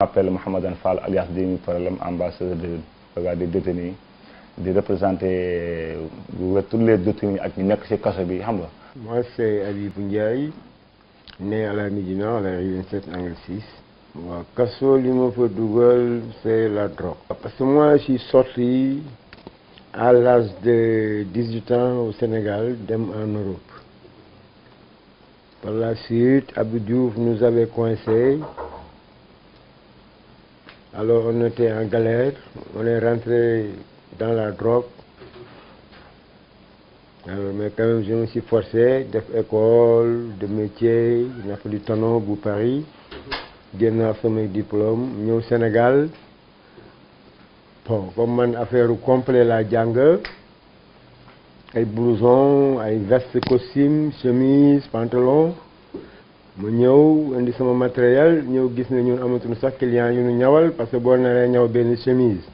m'appelle Mohamedan Fall alias Demi Problème ambassadeur de des détenus représenter tous les détenus ak ñu nekk kaso bi xam moi c'est Habibou Ndiaye né à la Médina à la rue 27 angle 6. waaw kaso c'est la drogue. Ah, parce que moi je suis sorti à l'âge de ans au Sénégal dem en Europe par la suite Abdou Diouf nous avait coincé. Alors on était en galère, on est rentré dans la drogue. Alors, mais quand même, je me forcé def école de métier nafa di tonneau Paris génn naa samay diplôme ñëw Sénégal bon comme man affaire complet laa jàng ay blouson ay veste costume chemise pantalon ma ñëw indi sama matériel ñëw gis ne ñun amatuñu sax client yu ñu ñawal parce que boo naree ñaw benn chemise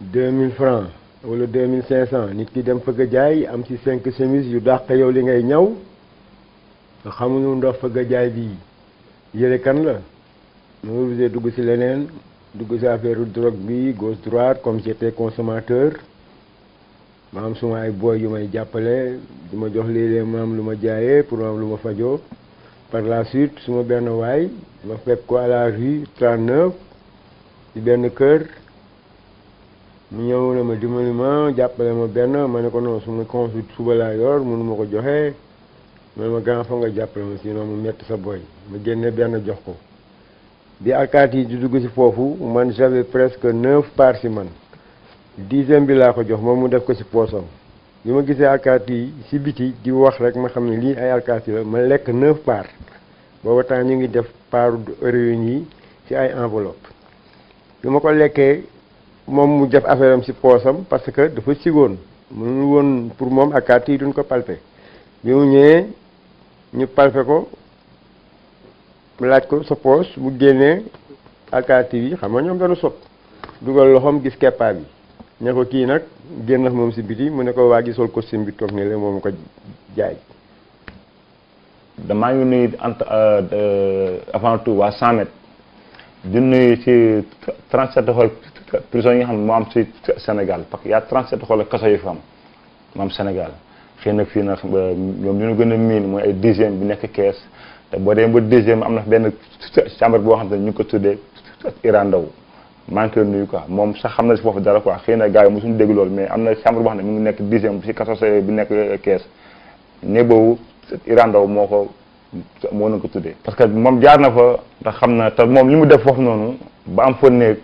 2000 francs wala 2500 nit ki dem fëgg jaay am ci 5 chemises yu dàq yow li ngay ñaw nga xamuñu ndox fëgg a jaay bi yëre kan la ma obligé dugg ci leneen dugg ci affaire drogue bi gauche droite comme j'étais consommateur ma am suma ay boy yu may jàppale di ma jox léeg-léeg ma am lu ma jaayee pour ma am lu ma fajoo. par la suite suma benn waay ma fekk ko à la rue 39 benn kër mu ñëw na ma dimbali ma jàppale ma benn ma ne ko non suma consulte suba laa yor mënu ma ko joxe man ma grand fa nga jàppale ma sinon mu metti sa boy ma génne benn jox ko bi alkaat yi di dugg ci foofu man j'avais presque neuf parts ci man dixième bi laa ko jox moom mu def ko ci poosam bi ma gisee alkaati yi si biti di wax rek ma xam ne lii ay alkaati la ma lekk neuf parts booba temps ñu ngi def part réunion yi ci ay enveloppe bi ma ko lekkee moom mu def affaire am si poosam parce que dafa sigoon mënul woon pour moom alkaati yi duñ ko palpe bi mu ñëwee ñu palpe ko laaj ko sa poos bu génnee alkaati yi xam nga ñoom dañu sopp dugal loxoom gis keppa bi ne ko kii nag génn na moom si biti mu ne ko waa ji sol costume bi toog ne la moom ko jaay. damaa ñu euh, nuyu euh, avant tout waa 100 mètres di nuyu ci 37 xool prison yi xam ne moo am si Sénégal parce que y' a 37 kaso yu fa am am Sénégal xëy na fii nag euh, ñoom ñu gën a miin mooy ay dixième bi nekk kees te boo demee ba dixième am na benn chambre boo xam ne ñu ko tuddee Iran Ndao maa ngi nuyu quoi moom sax xam na si foofu dara quoi xëy na gars yi mosuñu dégg loolu mais am na chambre boo xam ne mi nekk dixième si nekk kees boobu Iran moo ko moo na ko tuddee parce que moom jaar na fa ndax xam na te moom li mu def foofu noonu ba am fa néeg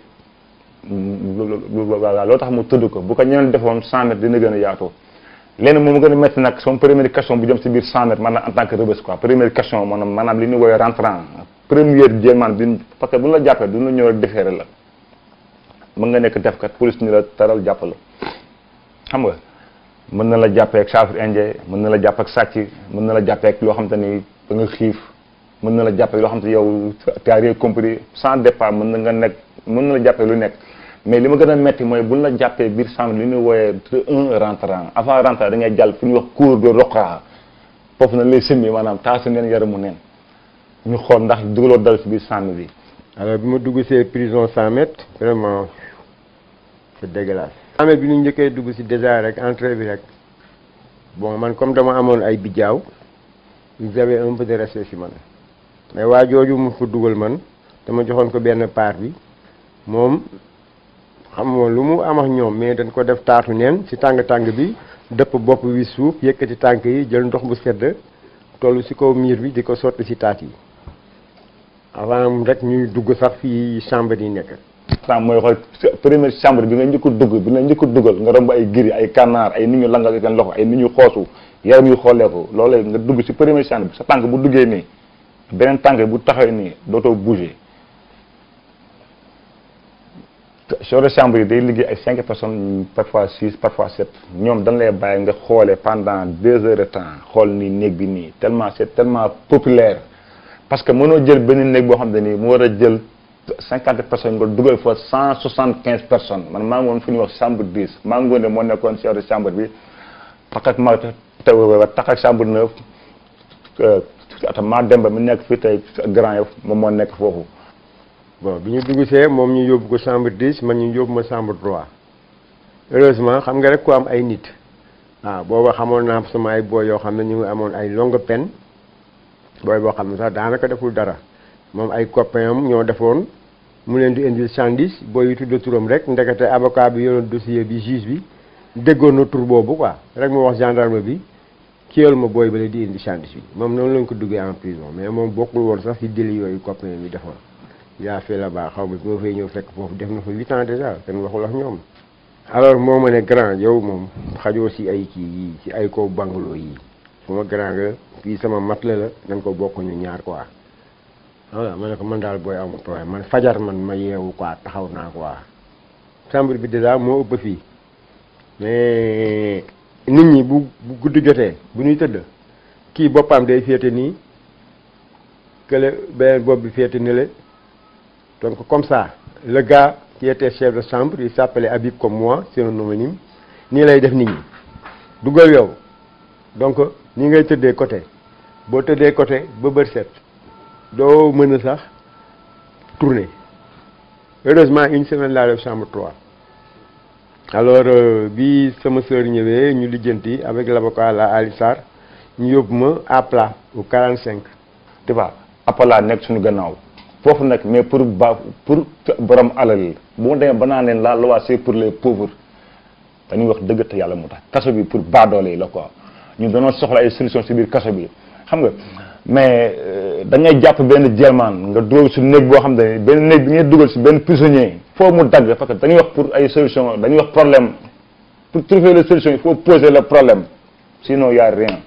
voilà loo tax mu tudd bu ko ñeneen defoon 100 mètres dina gën a yaatoo a métti nag sama première question bu en tant que Rebeuss quoi première question maanaam maanaam li ñu woowee rentrant première jéemaan bi parce que bu ñu la jàppee du ñu la ñëw rek déféré la mën nga nekk defkat police ni la taral jàpp xam nga mën na la jàppee ak saafir indien mën na la jàpp ak sàcc mën na la jàppee ak loo xam te ni da nga xiif mën na la jàppee loo xam te yow taaree compris sans départ mën na nga nekk mën na la jàppee lu nekk mais li ma gën a metti mooy buñ la jàppee biir chambre li ñuy wooyee un rentrant avant rentrant da ngay jàll fu ñuy wax cours de roqa foofu na lay sëmmi maanaam taasu neen yaramu neen ñu xool ndax dugaloo dal si biir chambre bi bi ma dugg see prison 100 mètres c'est dégueulasse. bi ñu njëkkee dugg si déjà rek entrée bi rek bon man comme dama amoon ay bijaaw ils avaient un peu de respect si man mais waa jooju mu fa dugal man dama joxoon ko benn part bi moom xam nga lu mu am ak ñoom mais dañ ko def taatu neen si tàng-tàng bi dëpp bopp wi suuf yëkkati tànk yi jël ndox bu sedd toll si kaw miir bi di ko sotti si taat yi avant rek ñuy dugg sax fii chambre yi nekk. sàmm mooy xool première chambre bi nga njëkk a dugg bi nga njëkk a nga romb ay giri ay kànnaar ay nit ñu langal seen loxo ay nit ñu xoosu yaram yu xooleeku loolee nga dugg si première chambre sa tànk bu duggee nii beneen tànk bu taxawee nii dootoo bouger chambre chambre yi day liggéey ay cinq personnes parfois six parfois sept ñoom dañ lay bàyyi nga xoolee pendant deux heures temps xool nii néeg bi nii tellement c'est tellement populaire parce que mënoo jël benn néeg boo xam ne nii mu war a jël cinquante personnes nga dugal fa cent soixante quinze personnes man maa ngi woon fu ñuy wax chambre dix maa ngi moo nekkoon chef de chambre bi tax ak ma tax ak chambre neuf euh, maa demba mi nekk fii tey Grand moom moo nekk foofu. bon bi ñu dugg see moom ñu yóbbu ko chambre dix man ñu yóbbu ma chambre trois heureusement xam nga rek ku am ay nit waaw ah, booba xamoon naa sama ay booy yoo xam ne ñu amoon ay longue peine booy boo xam ne sax daanaka deful dara. moom ay copain am ñoo defoon mu leen di indil sandis booy yu tudd turam rek ndekete avocat bi yoroon dossier bi juge bi déggoon na boobu quoi rek mu wax gendarme bi kiyal ma booy bale di indi sandis bi moom noonu lañ ko duggee en prison mais moom bokkul woon sax ci délit yooyu copain yi defoon yaa fee la baax xaw ma bi ma fay ñëw fekk foofu def na fa huit ans déjà kenn waxul ak ñoom alors moo ma ne grand yow moom xajoo si ay kii yii si ay kaw bangaloo yii su ma grand sama mat la dañ ko bokk ñu ñaar quoi voilà ma ne ko man daal booy amul problème man fajar man ma yeewu quoi taxaw naa quoi chambre bi déjà moo ëpp fii mais nit ñi bu bu guddi jotee bu ñuy tëdd kii boppam day féete nii kële beneen bopp bi féete nële donc comme ça le gars qui était chef de yi il s'appelait Habib comme moi si un homonyme nii lay def nit ñi dugal yow donc nii ngay tëddee côté boo tëddee côté ba bër set doo mën a sax tourner heureusement une semaine laa def chambre 3 alors euh, bi sama sœur ñëwee ñu lijjanti avec l'avocat la Ali Sarr ñu yóbbu ma à plat au 45. tu vois appala nekk suñu gannaaw foofu nag mais pour ba pour borom alal bu ma demee banaa neen leen la loi c'est pour les pauvres dañuy wax dëgg te yàlla moo tax kaso bi pour baadoole yi la quoi ñu doonoo soxla ay solution si biir kaso bi xam nga. mais euh, da ngay jàpp benn jelmaan nga dugal si néeg boo xam ne benn bi ngay dugal si benn prisonnier foo mu dagg parce que dañuy wax pour ay solution dañuy wax problème pour trouver la solution il faut poser le problème sinon y a rien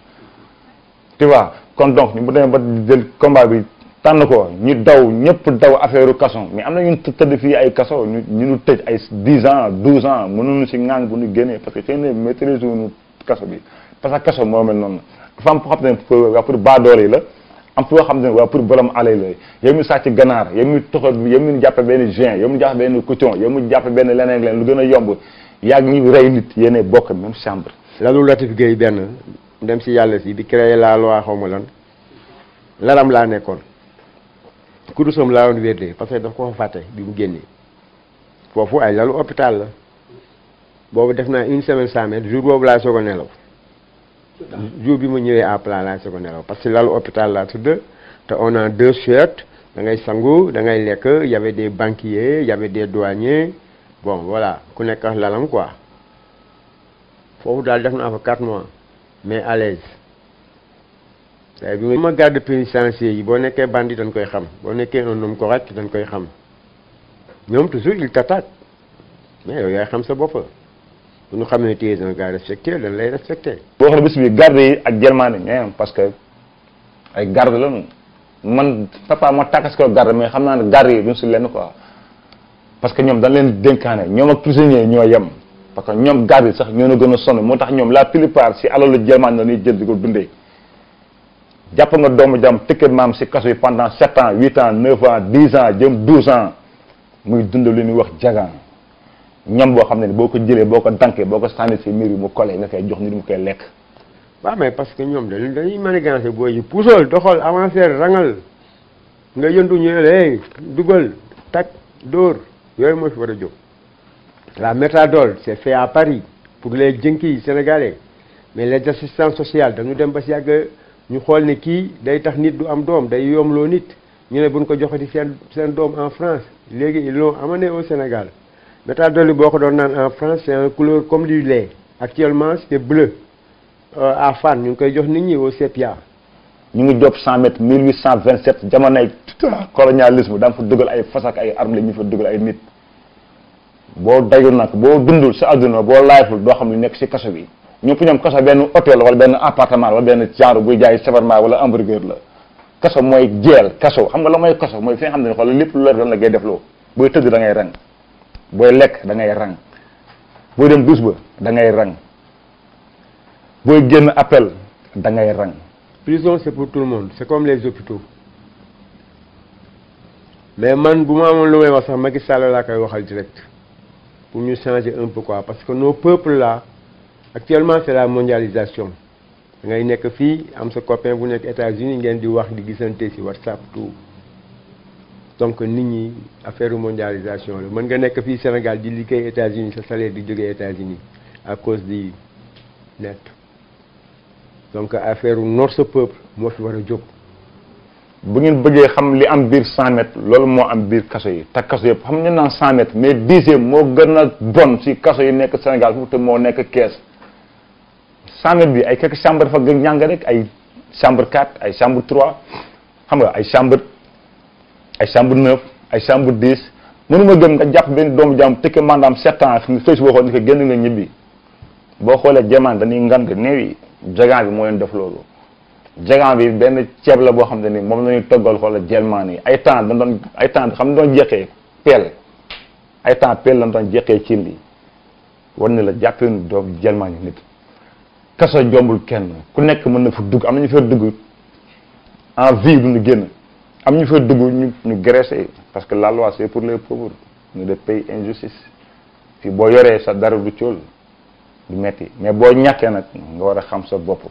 tu vois kon donc bu demee ba jël combat bi tànn ko ñu daw ñëpp daw affaire u kaso mais am na ñu tëdd fii ay kaso ñu ñu tëj ay dix ans douze ans mënuñu si ŋaan bu ñu génnee parce que xëy na maîtrise wuñu kaso bi parce que kaso moo noonu dafa am foo xam ne waa pour baadoor yi la am foo xam ne waa pour borom alal la yow mi sàcc ganaar yow mi toxal yow mi benn juin yow mi jàppe benn coton yow mi jàppe benn leneen leen lu gën a yomb yaa ngi rey nit yéene bokk même chambre la Latif Gueye benn dem si yàlla si di créer la loi xaw ma lan laram laa nekkoon kurusam laa woon wérdee parce que daf ko fa fàtte bi mu génnee foofu ay lalu hôpital la boobu def naa une semaine sans mètres jour boobu jour bi ma ñëwee à plat laa soog parce que lalu hôpital laa tudd te on a deux chiottes da ngay sangu da ngay lekk y avait des banquiers y avait des bon voilà ku nekk lalam quoi foofu daal def naa fa quatre mois mais à l'aise bi ma garde pénitencier yi boo nekkee bandit dañ koy xam boo nekkee un homme correct dañ koy xam ñoom toujours il t'attaque mais yow yaay xam sa bopp bu ñu xamee ne tu es un gars respecté dañ lay respecté. boo xam ne bés bi garde yi ak Germain ñooy parce que ay garde la man papa ma takkas ko garde mais xam naa ne garde yi duñ si lenn ko parce que ñoom dañ leen dénkaane ñoom ak prisonniers ñoo yam parce que ñoom garde yi sax ñoo na gën a sonn moo tax ñoom la plupart si alalu Germain la ñuy jël di ko dundee. jàpp nga doomu jam tëkkat maam si kaso yi pendant sept ans huit ans neuf ans dix ans jëm douze ans muy dund li ñuy wax jagaan ñam boo xam ne boo ko jëlee boo ko dankee boo ko sànni si miir mu collé nga koy jox nit mu koy lekk. waaw mais parce que ñoom dañuy dañuy manigancé booy yi puusal doxal avancer rangal nga yëndu ñu ne dugal tak dóor yooyu moo fi war a jóg. la méthadone c' est fait à Paris pour les jënki sénégalais mais les assistants sociaux dañu dem ba si yàgg ñu xool ne kii day tax nit du am doom day yomloo nit ñu ne bu buñ ko joxati seen seen doom en France léegi ils l'ont amené au méthadone boo ko doon naan en France c'est un couleur comme du lait actuellement c'est bleu euh, à ñu ngi koy jox nit ñi au sépia ñu ngi jop 100 mètres 1827 jamonoy colonialisme da nga fa dugal ay fas ak ay armes la ñu fa dugal ay nit boo dayul nag boo dundul sa adduna boo laajful doo xam ne nekk si kaso bi ñëpp ñoom kaso benn hôtel wala benn appartement wala benn genre buy jaay shawarma wala hamburger la kaso mooy jeel kaso xam nga la mooy kaso mooy fi nga xam ne xool la doon la ngay def loo booy tëdd da booy lekk da ngay rang boo dem douche ba da ngay rang booy génn appel da ngay rang. prison c'est pour tout le monde c'est comme les hôpitaux mais man bu ma amoon lu may wax sax Macky Sall laa koy waxal direct pour ñu changer un peu quoi parce que nos peuples laa actuellement c'est la mondialisation ngay nekk fii am sa copain bu nekk États-Unis ngeen di wax di gisante si WhatsApp tout. donc nit ñi affaire mondialisation la mën nga nekk fii Sénégal di liggéey États-Unis sa salaire di jógee États-Unis à cause di net donc affaire noor sa peuple moo fi war a jóg. bu ngeen bëggee xam li am biir 100 mètres loolu moo am biir kaso yi te kaso yëpp xam ñu naa 100 mètres mais dixième moo gën a bon si kaso yi nekk Sénégal fu te moo nekk kees 100 mètres bi ay quelques chambres dafa gën ñàng ay chambre 4 ay chambre xam nga ay chambre. ay chambre neuf ay chambre dix mënuma gëm nga jàpp benn doomu jàmm tëkke mandaam sept ans nga xëy si waxoon ni ko génn nga ñibbi boo xoolee jamaan dañuy ngan nga néew yi jagan bi moo leen def loolu jagan bi benn ceeb la boo xam ne ni moom la ñuy toggal xoola jelmaan yi ay temps dañ doon ay temps xam ne doon jeqee ay temps peel lañ doon jeqee cin li war ne la jàppee nu doom jelmaan yi nit kaso jombul kenn ku nekk mën na fu dugg am nañu fa dugg en vie duñu génn am ñu fa dugg ñu ñu graissé parce que la loi pour les pauvres ñu def pays injustice fii boo yoree sa dara du cóol du metti mais boo ñàkkee nag nga war a xam sa bopp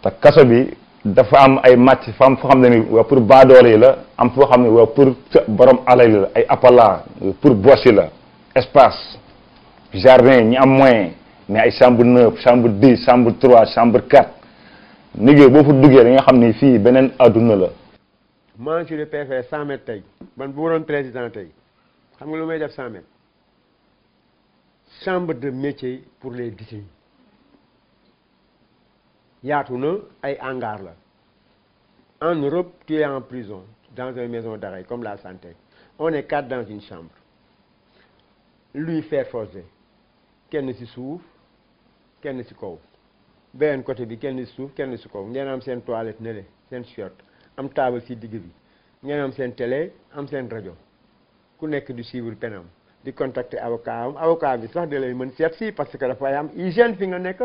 te kaso bi dafa am ay màcc fa am foo xam ne ni waa pour baadoole yi la am foo xam ne waa pour borom alal yi la ay appala pour bos yi la espace jardin ñi am moyen mais ay chambre neuf chambre dix chambre trois chambre quatre liggéey boo fa duggee da nga xam ni fii beneen adduna la man je préfère 100 mètres tey man bu waroon président tey xam nga lu may def 100 mètres chambre de métier pour les détenus yaatu na ay hangar la en Europe tu es en prison dans une maison d'arrêt comme la santé on est quatre dans une chambre lui faire forger kenn ci suuf kenn ci kaw beneen côté bi kenn ci suuf kenn si kaw ngeen am seen toilette ne le seen chiotte am taabal ci digg bi ngeen am seen télé am seen rajo ku nekk di suivre penam di contacter avocat am avocat bi sax da lay mën seet si parce que dafay am hygiène fi nga nekk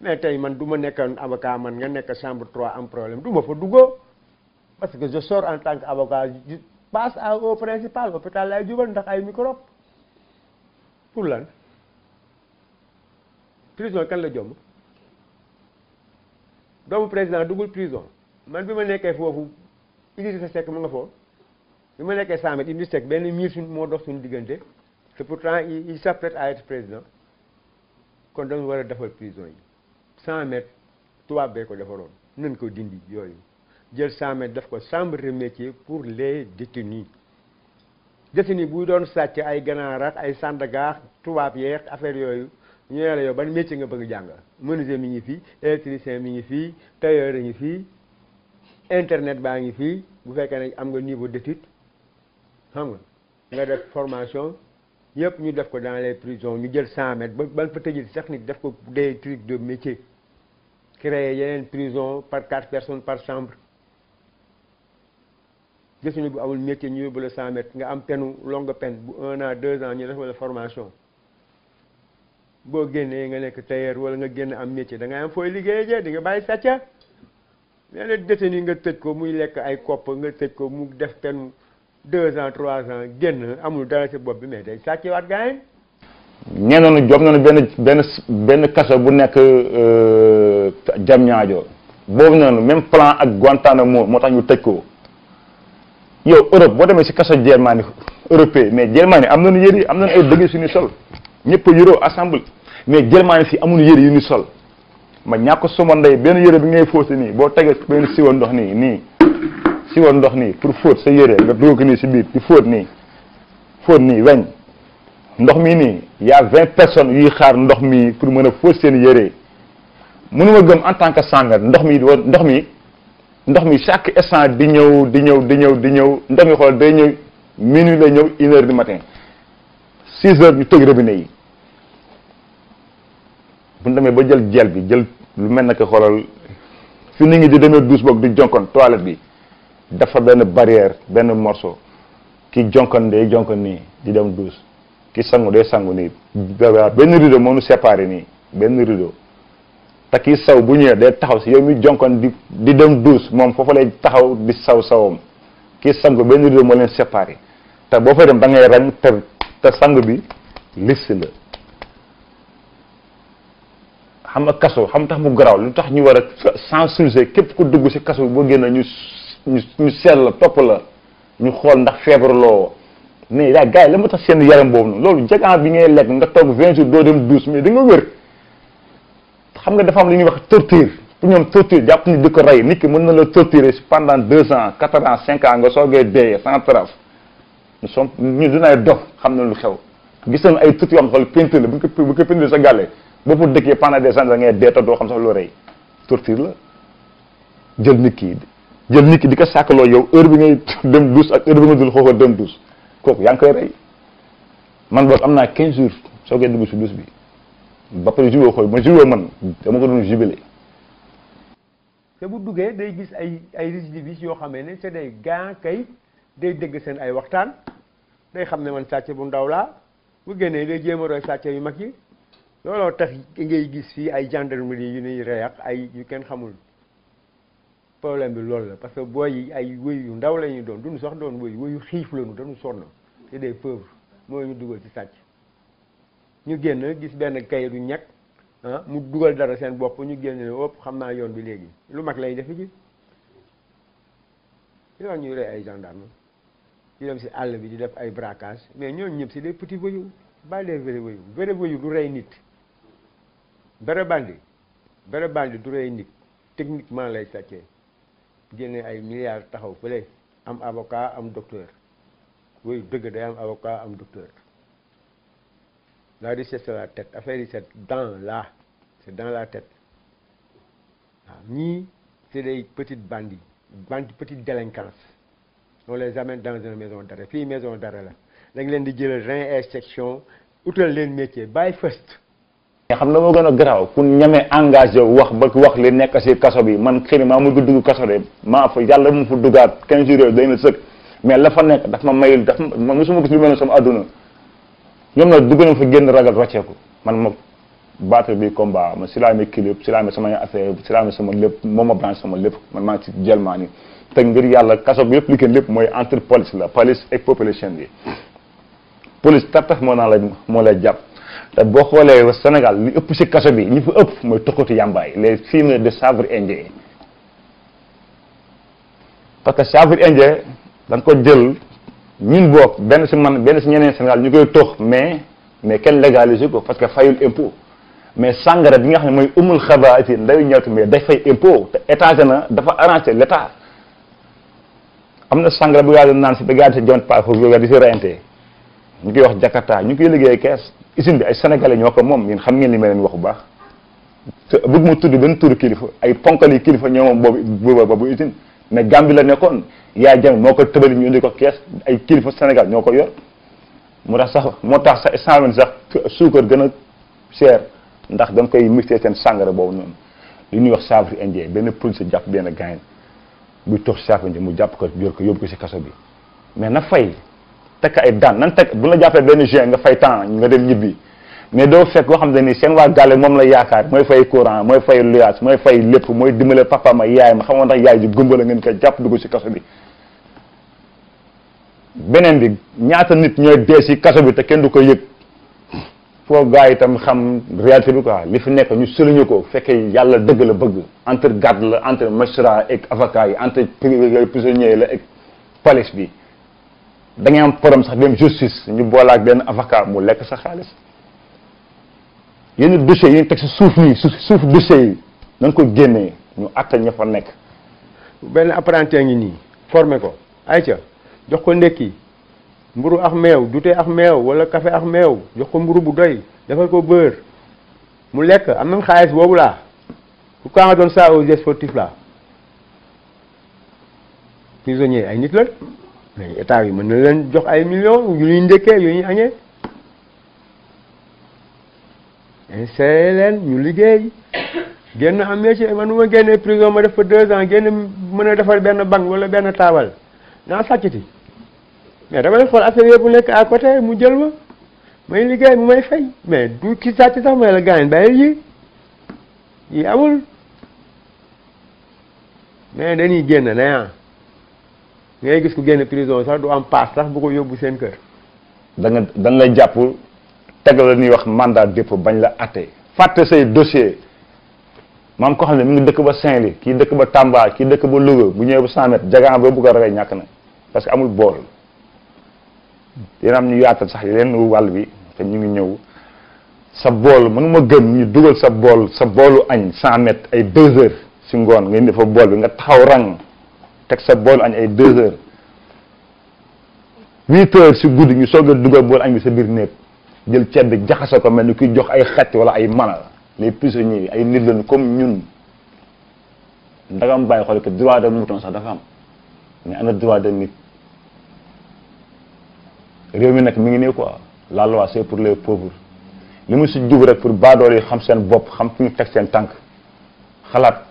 mais tey man du ma nekk avocat man nga nekk chambre 3 am problème du ma fa duggoo parce que je sors en tant que avocat passe à au principal hôpital lay jubal ndax ay microbe pour lan prison kan la jomb doomu président dugul prison man bi ma nekkee foofu Idrissa Seck mu nga foofu bi ma nekkee cent mètres Idrissa Seck benn miir suñ moo dox suñu diggante te pourtant il s'apprête à être président kon dañu war a defal prison yi cent mètres tubaab bee ko defaroon nañ ko dindi yooyu jël cent mètres def ko chambre de métier pour les détenus détenu buy doon sàcc ay ganaaraat ay sandagaax tubaab yeex affaire yooyu ñu ne la yow ban métier nga bëgg jàng menuisier mi ngi fii électricien mi ngi fii tailleur mi ngi fii internet baa ngi fii bu fekkee ne am nga niveau d'étude xam nga nga def formation yëpp ñu def ko dans les prisons ñu jël cent mètres ba ban fa tëjil sax nit def ko des trucs de métier créer yeneen prison par quatre personnes par chambre gisuñu bu amul métier ñu bu la cent nga am penu longue peine bu un an deux ans ñu def wala formation boo génnee nga nekk tailleur wala nga génn am métier da nga am fooy liggéeyee di nga bàyyi sàcca beneen détenu nga tëj ko muy lekk ay kopp nga tëj ko mu def pen deux ans trois ans génn amul dara ci bopp bi mais day sàccewaat gars yi. ñee nañu job nañu benn benn benn kaso bu nekk euh, jam ñaajoo boobu noonu même plan ak Guantanamo moo tax ñu tëj ko yow Europe boo demee si kaso Germanie européen mais Germanie am nañu yëri am nañu ay bëgg suñu sol ñëpp a euro assemble mais Germanie fii amul yëri yu ñu sol ma ñàkk suma ndey benn yére bi ngay fóot nii boo tegee benn siwa ndox nii nii siwa ndox nii pour fóot sa yére nga dugal ko nii si biir di fóot nii fóot nii weñ ndox mi nii y'a vingt personnes yuy xaar ndox mi pour mën a fóot seen yére mënuma gëm en tant que sàngar ndox mi ndox mi ndox mi chaque instant di ñëw di ñëw di ñëw di ñëw ndox mi xool day ñëw minuit lay ñëw une heure du matin six heures ñu tëj robinet yi bu ñu demee ba jël jel bi jël lu mel ne que xoolal fi nit ñi di demee duus boog di jonkon toilette bi dafa benn barrière benn morceau ki jonkon day jonkon nii di dem douche ki sangu day sangu nii benn rideau moo ñu nii benn rideau te ki saw bu ñëwee day taxaw si yow jonkon di dem douche moom foofu lay taxaw di saw sawam ki sangu benn rideau moo leen séparé te boo fay dem da ngay rang te te sangu bi liste la xam nga kaso xam tax mu garaaw lu tax ñu war a sensibiliser képp ku dugg si kaso boo génn ñu la topp la ñu xool ndax feebar loo mais yaa gars yi la ma tax seen yaram boobu noonu loolu jagaan bi nga toog vingt jours doo dem douze mais da nga wér am lu ñuy wax torture pour ñoom torture jàpp ni di ko rey nit ki mën na la torturer pendant deux ans quatre ans cinq ans nga soogee dee sans trace nous sommes ñu dunaay dof xam na lu xew gis nañu ay tut yoo xam ne bu ko bu sa gàllee boo fa dëkkee pendant des années da ngay dee te doo xam sax loo rey torture la jël nit ki jël nit ki di ko sàkkaloo yow heure bi ngay dem douche ak heure bi nga dul xooxoo dem douche kooku yaa ngi rey man boog am naa 15 jours soo koy dugg si douche bi ba pare jubóo xooy ma jubóo man dama ko doon jubilé. te bu duggee day gis ay ay récidivistes yoo xamee ne c'est day gants kay day dégg seen ay waxtaan day xam ne man sàcc bu ndaw laa bu génnee day jéem a roy yu mag yi. looloo tax ngay gis fii ay gendarmerie yu ñuy rey ak ay yu kenn xamul problème bi loolu la parce que booy ay wëy yu ndaw la ñuy doon duñu sox doon wëy wëyu xiif lañu dañu sonn te des pauvres moo ñu dugal ci sàcc ñu génn gis benn kayitu ñàkk ah mu dugal dara seen bopp ñu génn ne ëpp xam naa yoon bi léegi lu mag lay def ji yoon ñuy rey ay gendarme di dem si àll bi di def ay braquage mais ñooñu ñëpp si des petits voyous ba des vrais voyous vrai voyou du rey nit bere bandi bere bandi du rey techniquement lay sàccee génne ay milliards taxaw fële am avocat am docteur woyu dëgg day am avocat am docteur la richesse c'est la tête affaire yi c'est dans la c'est dans la tête waaw ñii c'est des petites bandits bandits petites délinquances on les amène dans une maison d'arrêt fii maison d'arrêt la dañ leen di jël rein et section utal leen métier bàyyi first xam na moo gën a garaaw ku ñeme engagé wax ba wax li nekk si kaso bi man xëy na maa mujj dugg kaso de maa fa yàlla mu fa duggaat 15 jours day na sëkk mais la fa nekk daf ma mayul daf ma mosuma gis lu mel ne sama àdduna ñoom nag dugg nañ fa génn ragal rocceeku man ma battre bi combat ma si laa amee clip si laa amee sama affaire si laa amee sama lépp moo ma lépp man maa ngi ci te ngir yàlla kaso bi yëpp li kenn mooy entre police la police et population bi police moo naa te boo xoolee Sénégal li ëpp si kaso bi ñi fa ëpp mooy tokkatu yàmbaay les fumeurs de chanvre indien parce que chanvre indien da ko jël ñun boog benn si man benn si ñeneen Sénégal ñu koy tox mais mais kenn légalisé ko parce que fayul impôt mais sangara bi nga xam ne mooy umul xabaar yi ndayu ñaatu mais day fay impôt te étage na dafa arrangé l' am na sàngara bu gaa naan si da gaa si jont pa foofu di si reyantee ñu koy wax Jakarta ñu koy liggéey kees usine bi ay sénégalais ñoo ko moom ñun xam ngeen li ma leen wax bu baax te bëgg ma tudd benn turu kilifa ay ponkali kilifa ñoo moom boobu boobu boobu usine mais Gambie la nekkoon yaa jam moo ko tëbali ñu indi ko kees ay kilifa Sénégal ñoo ko yor moo tax sax moo tax sax cent sax suukar gën a cher ndax dañ koy mixte seen sàngara boobu noonu li ñuy wax saafara indien benn police jàpp benn gaañ buy tox saafara indien mu jàpp ko jor ko yóbbu ko si kaso bi mais na fay tekk ay daan nan tekk bu la jàppee benn juin nga fay temps nga dem ñibbi mais doo fekk koo xam ne ni seen waa gàlle moom la yaakaar mooy fay courant mooy fay luyaas mooy fay lépp mooy dimbale papa ma yaay ma xamoon ndax yaay ji gumba la ngeen koy jàpp dugg ci kaso bi beneen bi ñaata nit ñooy dee si kaso bi te kenn du koy yëg foo gaa yi itam xam réalité bi quoi li fi nekk ñu sëluñu ko fekkee yàlla dëgg la bëgg entre garde la entre magistrat et avocat yi entre la ak police bi da ngay am problème sax dem justice ñu boolaak benn avocat mu lekk sa xaalis yenn dossiers yi ñu teg si suuf nii suuf dossiers yi nañ ko génnee ñu àttal ña fa nekk. benn apprenti ngi nii formé ko ayca jox ko ndekki mburu ak meew dute ak meew wala kafe ak meew jox ko mburu bu doy defal ko beurre mu lekk am na xaalis boobu laa pourquoi nga doon ça aux sportifs là prisonniers ay nit la. mais état bi mën na leen jox ay millions yu ñuy ndékkee yu ñuy añee inséré leen ñu liggéey génn am métier man bu ma génne prison ma def fa deux ans génn mën a defar benn banque wala benn taabal naa sàccati mais dama xool affaire yëpp nekk à côté mu jël ma may liggéey mu may fay mais du ki sàcc sax may la gaañ bàyyi yi yi amul mais dañuy génn ne ah ngay gis ku génn prison sax du am paas sax bu ko yóbbu seen kër. da nga dañ lay jàpp teg la ñuy wax mandat dépôt bañ la àtte fàtte say dossier maam ko xam ne mi ngi dëkk ba Saint-Louis kii dëkk ba Tamba kii dëkk ba Louga bu ñëwee ba 100 mètres jagaan ba bu ko rawee ñàkk na parce que amul bool dina am ñu yaatal sax yeneen wàll bi te ñu ngi ñëw sa bool mënuma gën ñu dugal sa bool sa boolu añ 100 ay 2 si ngoon nga indi fa bool bi nga taxaw rang. teg sa boolu añ ay deux heures huit heures si guddi ñu soog a dugal boolu añ bi sa biir néeg jël ceeb bi jaxase ko mel ni kuy jox ay xaj wala ay mala les prisonniers yi ay nit lañu comme ñun ndagam bàyyi xool que droit de mouton sax dafa am mais ana droit de nit réew mi nag mi ngi ne ko la loi c'est pour les pauvres li mu si jub rek pour baadool yi xam seen bopp xam fi ñu teg seen tànk xalaat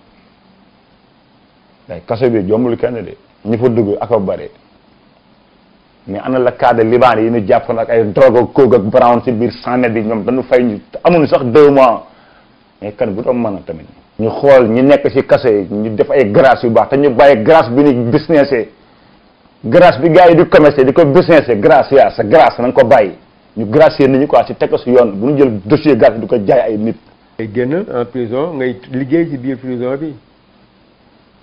mais kaso bi jombul kenn de ñu fa dugg ak a bare mais na la cas de libaane yi ñu jàppoon ak ay drogue ak coke ak brown si biir cent bi ñoom dañu fay ñu amuñu sax deux mois mais kan bu doon man a tamit ñu xool ñu nekk si kaso yi ñu def ay grâce yu baax te ñu bàyyi grâce bi ñu businessé grâce bi gars yi di commercé di ko businessé grâce yaa sa grâce na nga ko bàyyi ñu gracier nit ñi quoi si teg ko si yoon bu ñu jël dossier grâce di ko jaay ay nit. ngay génn en ngay liggéey ci biir prison bi.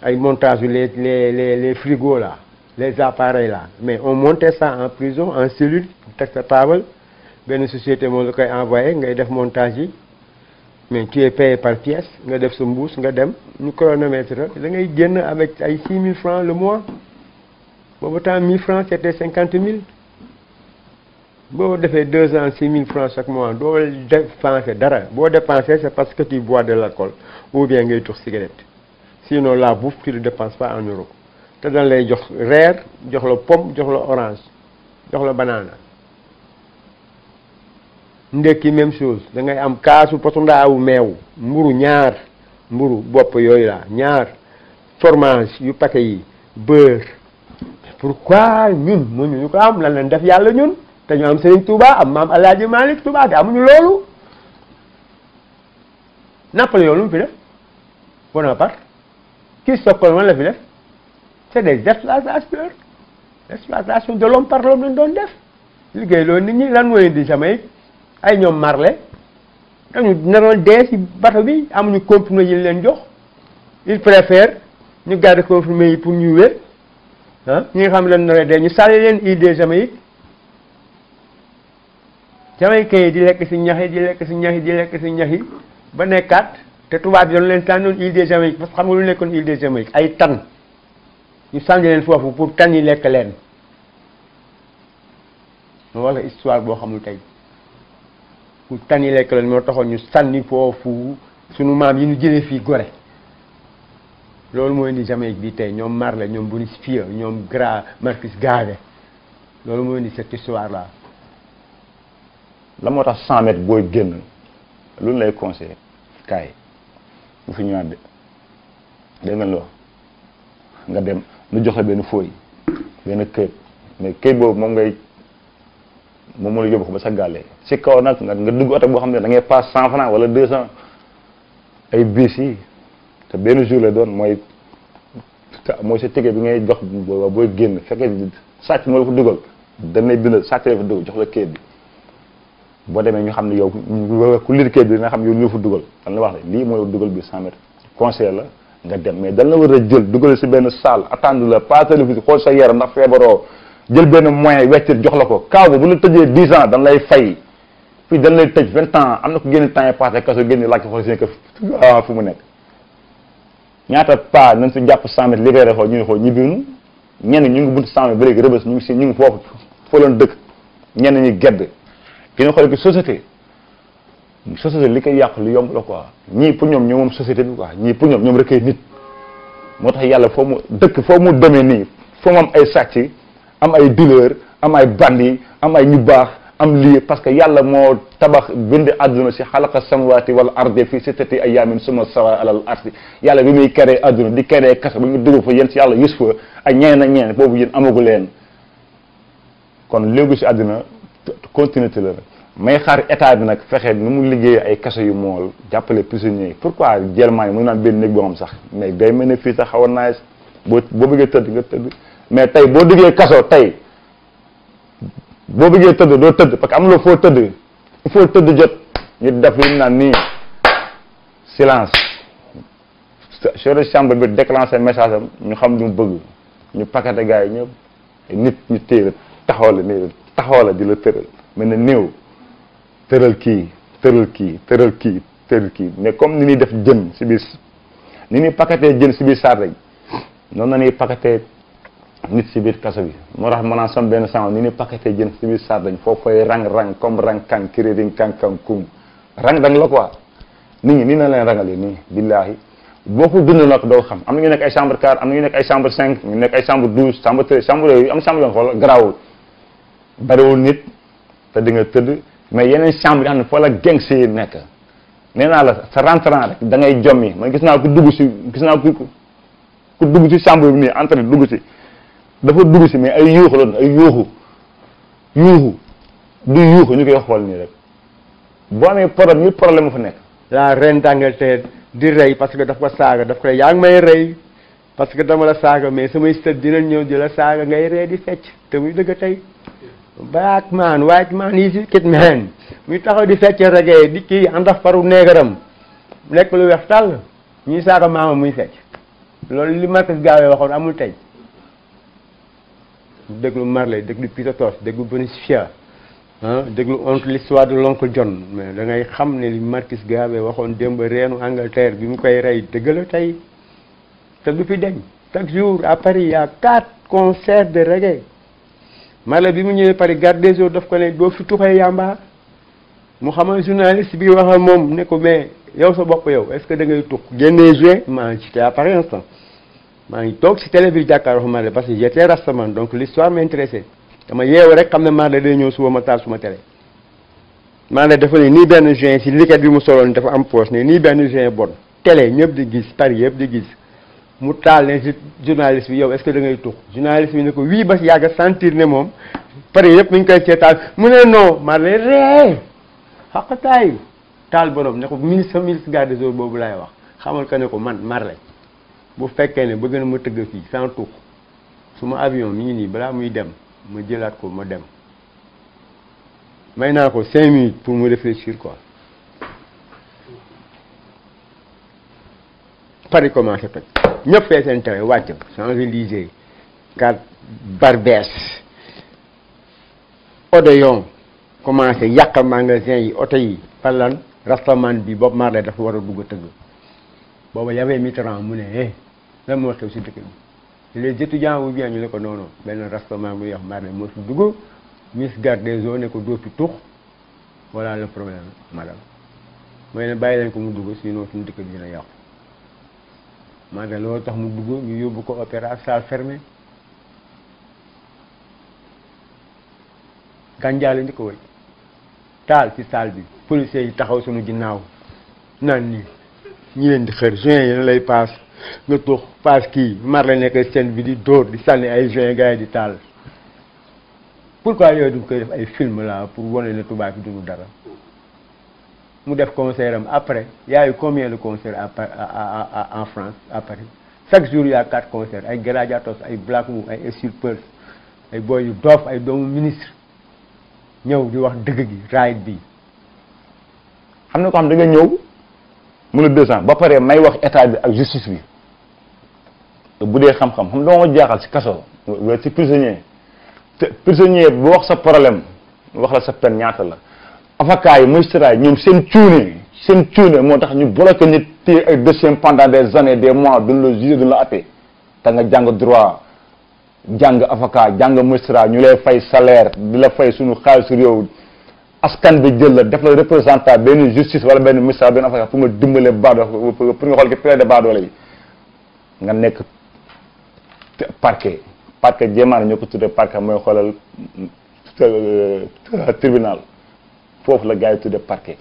ay montage les les les les frigos là les appareils là mais on montait ça en prison en cellule teg sa table benn société moo la koy envoyé ngay def montage yi mais tu es par pièce nga def sa mbuus nga dem ñu chronomètre da ngay génn avec ay 6 000 francs le mois boobu temps mil francs c'était 50 000 boo defee 2 ans 6 000 francs chaque mois doo dépensé dara boo dépensé c'est parce que tu bois de l'alcool ou bien ngay tux cigarette sinon la bouffe tu ne dépenses pas en euros te dañ lay jox reer jox la pomme jox la orange jox la banana ndekki même chose da am kaasu potondaawu meew mburu ñaar mburu bopp yooyu la ñaar fromage yu paquet yi beurre pourquoi ñun mënuñu ñu ko am lan lañ def yàlla ñun te ñu am Serigne Touba am maam El Hadj Malick Touba te amuñu loolu Napoléon lu mu fi def Bonaparte kii Stockholm lan la fi def c' est des exploitations exploitation de l'homme par l'homme lañ doon def liggéey loolu nit ñi lan moo di Jamaïque ay ñoom Marley dañu naroon dee ci bato bi amuñu comprimé yi leen jox ils préfèrent ñu garder comprimé yi pour ñu wér ah ñi nga xam ne lan naree dee ñu sàlli leen idée Jamaïque Jamaïcain yi di lekk ci ñax yi di lekk ci ñax yi di lekk ci ñax yi ba te tubaab bi dañu leen tànnoon île des Jamaïques parce que xam nga lu nekkoon île des Jamaïques ay tan ñu sànni leen foofu pour tan yi lekk leen moo wax la histoire boo xamul tey pour tan yi lekk leen moo taxoon ñu sànni foofu suñu maam yi ñu jëlee fii Gorée loolu moo indi Jamaïque bii tey ñoom Marley ñoom Bonifacio ñoom Gra Marcus Garvey loolu moo indi cette histoire là. la moo tax 100 mètres booy génn lu lay conseillé kaay. bu fi ñëwaat de dégg nga nga dem nu joxe benn fooy benn këyit mais këyit boobu moom ngay moom moo la yóbbu ko ba sa gàllee si kaw nag nga dugg oto boo xam ne da ngay paas cent franc wala deux cent ay bis yi te benn jour la doon mooy mooy si tegee bi ngay jox booy génn fekkee sàcc moo la ko dugal dañ lay sàcc la fa dugal jox la këyit bi boo demee ñu xam ne yow ku lire bi dina xam yow lii fa dugal dañ la wax ne lii mooy dugal bi 100 mètres conseil la nga dem mais dañ la war a jël dugal si benn salle attende la pas télévision xool sa yaram ndax feebaroo jël benn moyen weccit jox la ko kaaw ba bu la tëjee 10 ans dañ lay fay fii dañ lay tëj 20 ans am na ko génn temps yi passé kaso génn laaj xool seen kër ah, fu mu nekk ñaata pas nañ si jàpp 100 mètres libéré xool ñu ngi xool ñibbiwunu ñenn ñu ngi bunt 100 léegi rëbës ñu ngi si ñu ngi foofu foo leen dëkk ñenn ñi gedd ki nga xool que société société li koy yàq lu yomb la quoi ñii pour ñoom ñoo moom bi quoi ñii pour ñoom ñoom rek ay nit moo tax yàlla foo mu dëkk foo mu demee nii foo am ay sàcc am ay dealer am ay bandi am ay ñu baax am lii parce que yàlla moo tabax bind àdduna si xalaqa samwaati wal ardi fii sittati ayaamin summa stawa alal ardi yàlla bi muy créé àdduna di créé kasa ba ñu dugg fa yéen si yàlla yus fa ak ñeen ak ñeneen boobu yéen amagu leen kon léegu si àdduna continuité la nag may xaar état bi nag fexee nu mu liggéey ay kaso yu mool jàppale prisonniers yi pourquoi Germanie mu naan benn néeg boo xam sax mais day mel ne fii sax xaw naa boo boo bëggee tëdd nga tëdd mais tey boo duggee kaso tey boo bëggee tëdd doo tëdd parce que am na foo tëdd il tëdd jot ñu def li ñu naan nii silence chef de chambre bi déclenché message am ñu xam ñu bëgg ñu paquete gars yi ñëpp nit ñu téye taxawal nii taxawala la di la tëral mel ne néew tëral kii tëral kii tëral kii tëral kii mais comme ni ñuy def jën si biir ni ñuy pakatee jën si biir saar rek noonu la ñuy pakatee nit si biir kaso bi moo tax maanaam sama benn sang ni ñuy pakatee jën si biir saar dañ foofu fay rang-rang comme rang kang kiririn kang kang kum rang-rang la quoi nit ñi nii na leen rangalee nii billaahi boo ko dund nag doo xam am na ñu nekk ay chambre 4 am na ñu nekk ay chambre 5 ñu nekk ay chambre 12 chambre 13 am chambre yoo xam bariwul nit te di nga tëdd mais yeneen chambre yi xam ne foo si nekk nee naa la sa rentrant rek da ngay jommi ma gis naa ku dugg si gis naa dugg si chambre bi nii entrée dugg si dafa dugg si mais ay yuuxu loon ay yuuxu yuuxu du yuuxu ñu koy xool nii rek boo amee problème ñu problème mu fa nekk la ren d'Angleterre di rey parce que daf ko saaga daf ko yaa ngi may rey parce que dama la saaga mais samay sët dinañ ñëw di la saaga ngay rey di fecc te muy dëgg tey black man white man is wicked man muy taxaw di fecc reggae di kii àndax faru néegaram nekk lu weex tàll ñuy saaga maama muy fecc loolu li Marcus Garvey waxoon amul tey déglu Marley déglu Peter Tosh déglu Bonifacia ah, déglu honte l'histoire de l'oncle John mais da ngay xam ne li Marcus Garvey waxoon démb reenu Angleterre bi mu koy rey dëgg la tey te du fi deñ chaque jour à Paris y a quatre concerts de reggae Marley bi mu ñëwee Paris garde des Sceaux daf ko ne doo fi tuxee yàmba mu xamal journaliste biir wax ak moom ne ko mais yow sa bopp yow est-ce que da ngay tux génnee joué maa ngi ci à Paris instant maa ngi toog si télé bi jàkkaarloo Marley parce que j'étais rastaman donc l'histoire m'intéressait dama yeewu rek xam ne Marley day ñëw suba ma taal suma télé Marley dafa ne nii benn juin si liquet bi mu soloon dafa am poche ne nii benn juin bon tele ñëpp di gis Paris yëpp di gis mu taal ne journaliste bi yow est-ce que da ngay tux journaliste bi ne ko wii ba yàgg a sentir ne moom pare yëpp mi ngi koy seetaan mu ne non ma ne ree xaqataayu taal borom ne ko ministre ministre garde des boobu laay wax xamal ko ne ko man Marley bu fekkee ne bëgg na ma tëgg fii sans tux ma avion mi ngi nii balaa muy dem ma jëlaat ko ma dem may naa ko cinq minutes pour mu réfléchir quoi pare commencé toj ñëpp fee seen temps wàcc Champs-Élysées kat Barbès Odéon commencé yàq magasin yi oto yi par lan rastaman bi Bob Marley dafa war a dugg a tëgg booba yawee Mitterrand mu ne eh lan moo xew si dëkk bi les étudiants wu bien ñu ne ko noonu benn rastaman bu yox Marley moo fi dugg ministre garde des ko doo fi tux voilà problème madame mooy ne bàyyi leen ko mu dugg sinon suñu dëkk bi dina yàqu maanaam loolu tax mu dugg ñu yóbbu ko opéra salle fermée gànjaale njëkk ko woy taal ci salle bi policiers yi taxaw suñu ginnaaw naan ni ñi leen di xër juin lay paas ñu tuux paas kii mar la nekk scène bi di dóor di sànni ay juin gars di taal pourquoi yooyu du koy def ay film la pour wane ne tubaab bi duñu dara mu def concert am après y a eu combien de concerts à, à, à, en France à Paris chaque jour y a quatre concerts ay Galadiatos ay Blackmou ay Esther Pearl ay boy yu doof ay doomu ministre ñëw di wax dëgg gi raayit bi xam na ko xam da nga ñëw mu ne deux ba pare may wax état bi ak justice bi bu dee xam-xam xam dama jaaxal si kaso wala si prisonnier te prisonnier bu wax sa problème wax la sa peine ñaata la afakaa yi magistrats yi ñoom seen cuune seen cuune moo tax ñu bloqué nit téye ay dossier pendant des années des mois duñ la jugé duñ la atte te nga jàng droit jàng avocat jàng magistrat ñu lay fay salaire di la fay suñu xaalisu réew askan bi jël la def la représentant benn justice wala benn magistrat benn avocat pour nga dimbale baadoole pour nga xool ki plaide baadoole yi nga nekk parquet parquet jéemaan ñoo ko tuddee parquet mooy xoolal euh, tribunal foofu la gars yi tudde parquet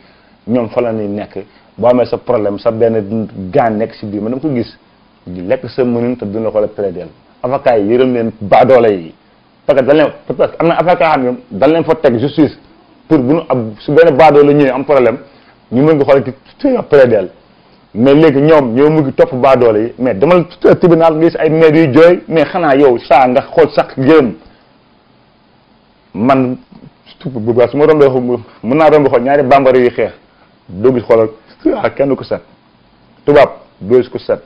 ñoom fa la ñuy nekk boo amee sa problème sa benn gaan nekk si biir ma dama ko gis di lekk sa mënin te duñ la ko la plaidel avocat yi yërëm leen baadoole yi parce que dañ leen parce que am na avocat xam ñoom dañ leen fa teg justice pour bu ñu ab su benn baadoole ñëwee am problème ñu mën nga xool ki tuya plaidel mais léegi ñoom ñoo mujj topp baadoole yi mais demal tribunal nga gis ay maire yuy jooy mais xanaa yow saa nga xool sax yërëm bu baax su ma rombee xool mën naa romb xool ñaari bambara yuy xeex doo gis xoolal ah kenn ko set tubaab doo gis ko set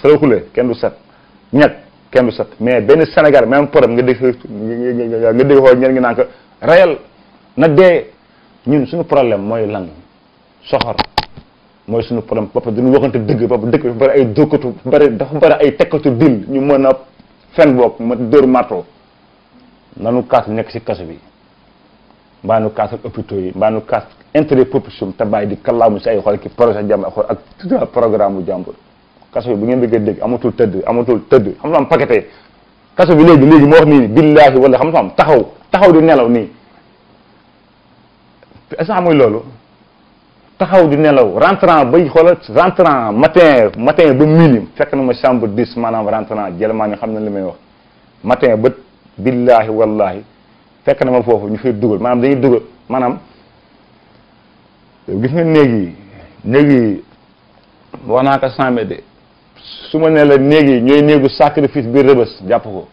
saraxule kenn du set ñett kenn du set mais benn Sénégal ma problème nga dégg nga dégg xool ñenn ngi naan ko rayal na dee ñun suñu problème mooy lan soxor mooy suñu problème bopp duñu waxante dëgg bopp dëkk dafa bëri ay dókkatu bëri dafa bëri ay tekkatu dil ñu mën a fen bopp ma dóor marto nanu kaas nekk si kaso bi mbaa nu kaas ak hôpitaux yi mbaa nu kaas intérêt population te bàyyi di kalaamu si ay xool ki projet jàmm ak ak tout bu jàmbur bi bu ngeen bëggee dégg amatul tëdd amatul tëdd xam nga am paqueté kaso bi léegi léegi moo wax nii ni billaahi wala xam nga am taxaw taxaw di nelaw nii est-ce que loolu taxaw di nelaw rentrant bay xoolal rentrant matin matin ba minuit fekk na ma chambre 10 maanaam rentrant jël maa xam na li may wax matin ba billaahi wallaahi fekk na ma foofu ñu fay dugal maanaam dañuy dugal maanaam gis nga néeg yi néeg yi wax naa ko sàmmete su ma nee la néeg yi ñooy néegu sacrifice bi rëbës jàpp ko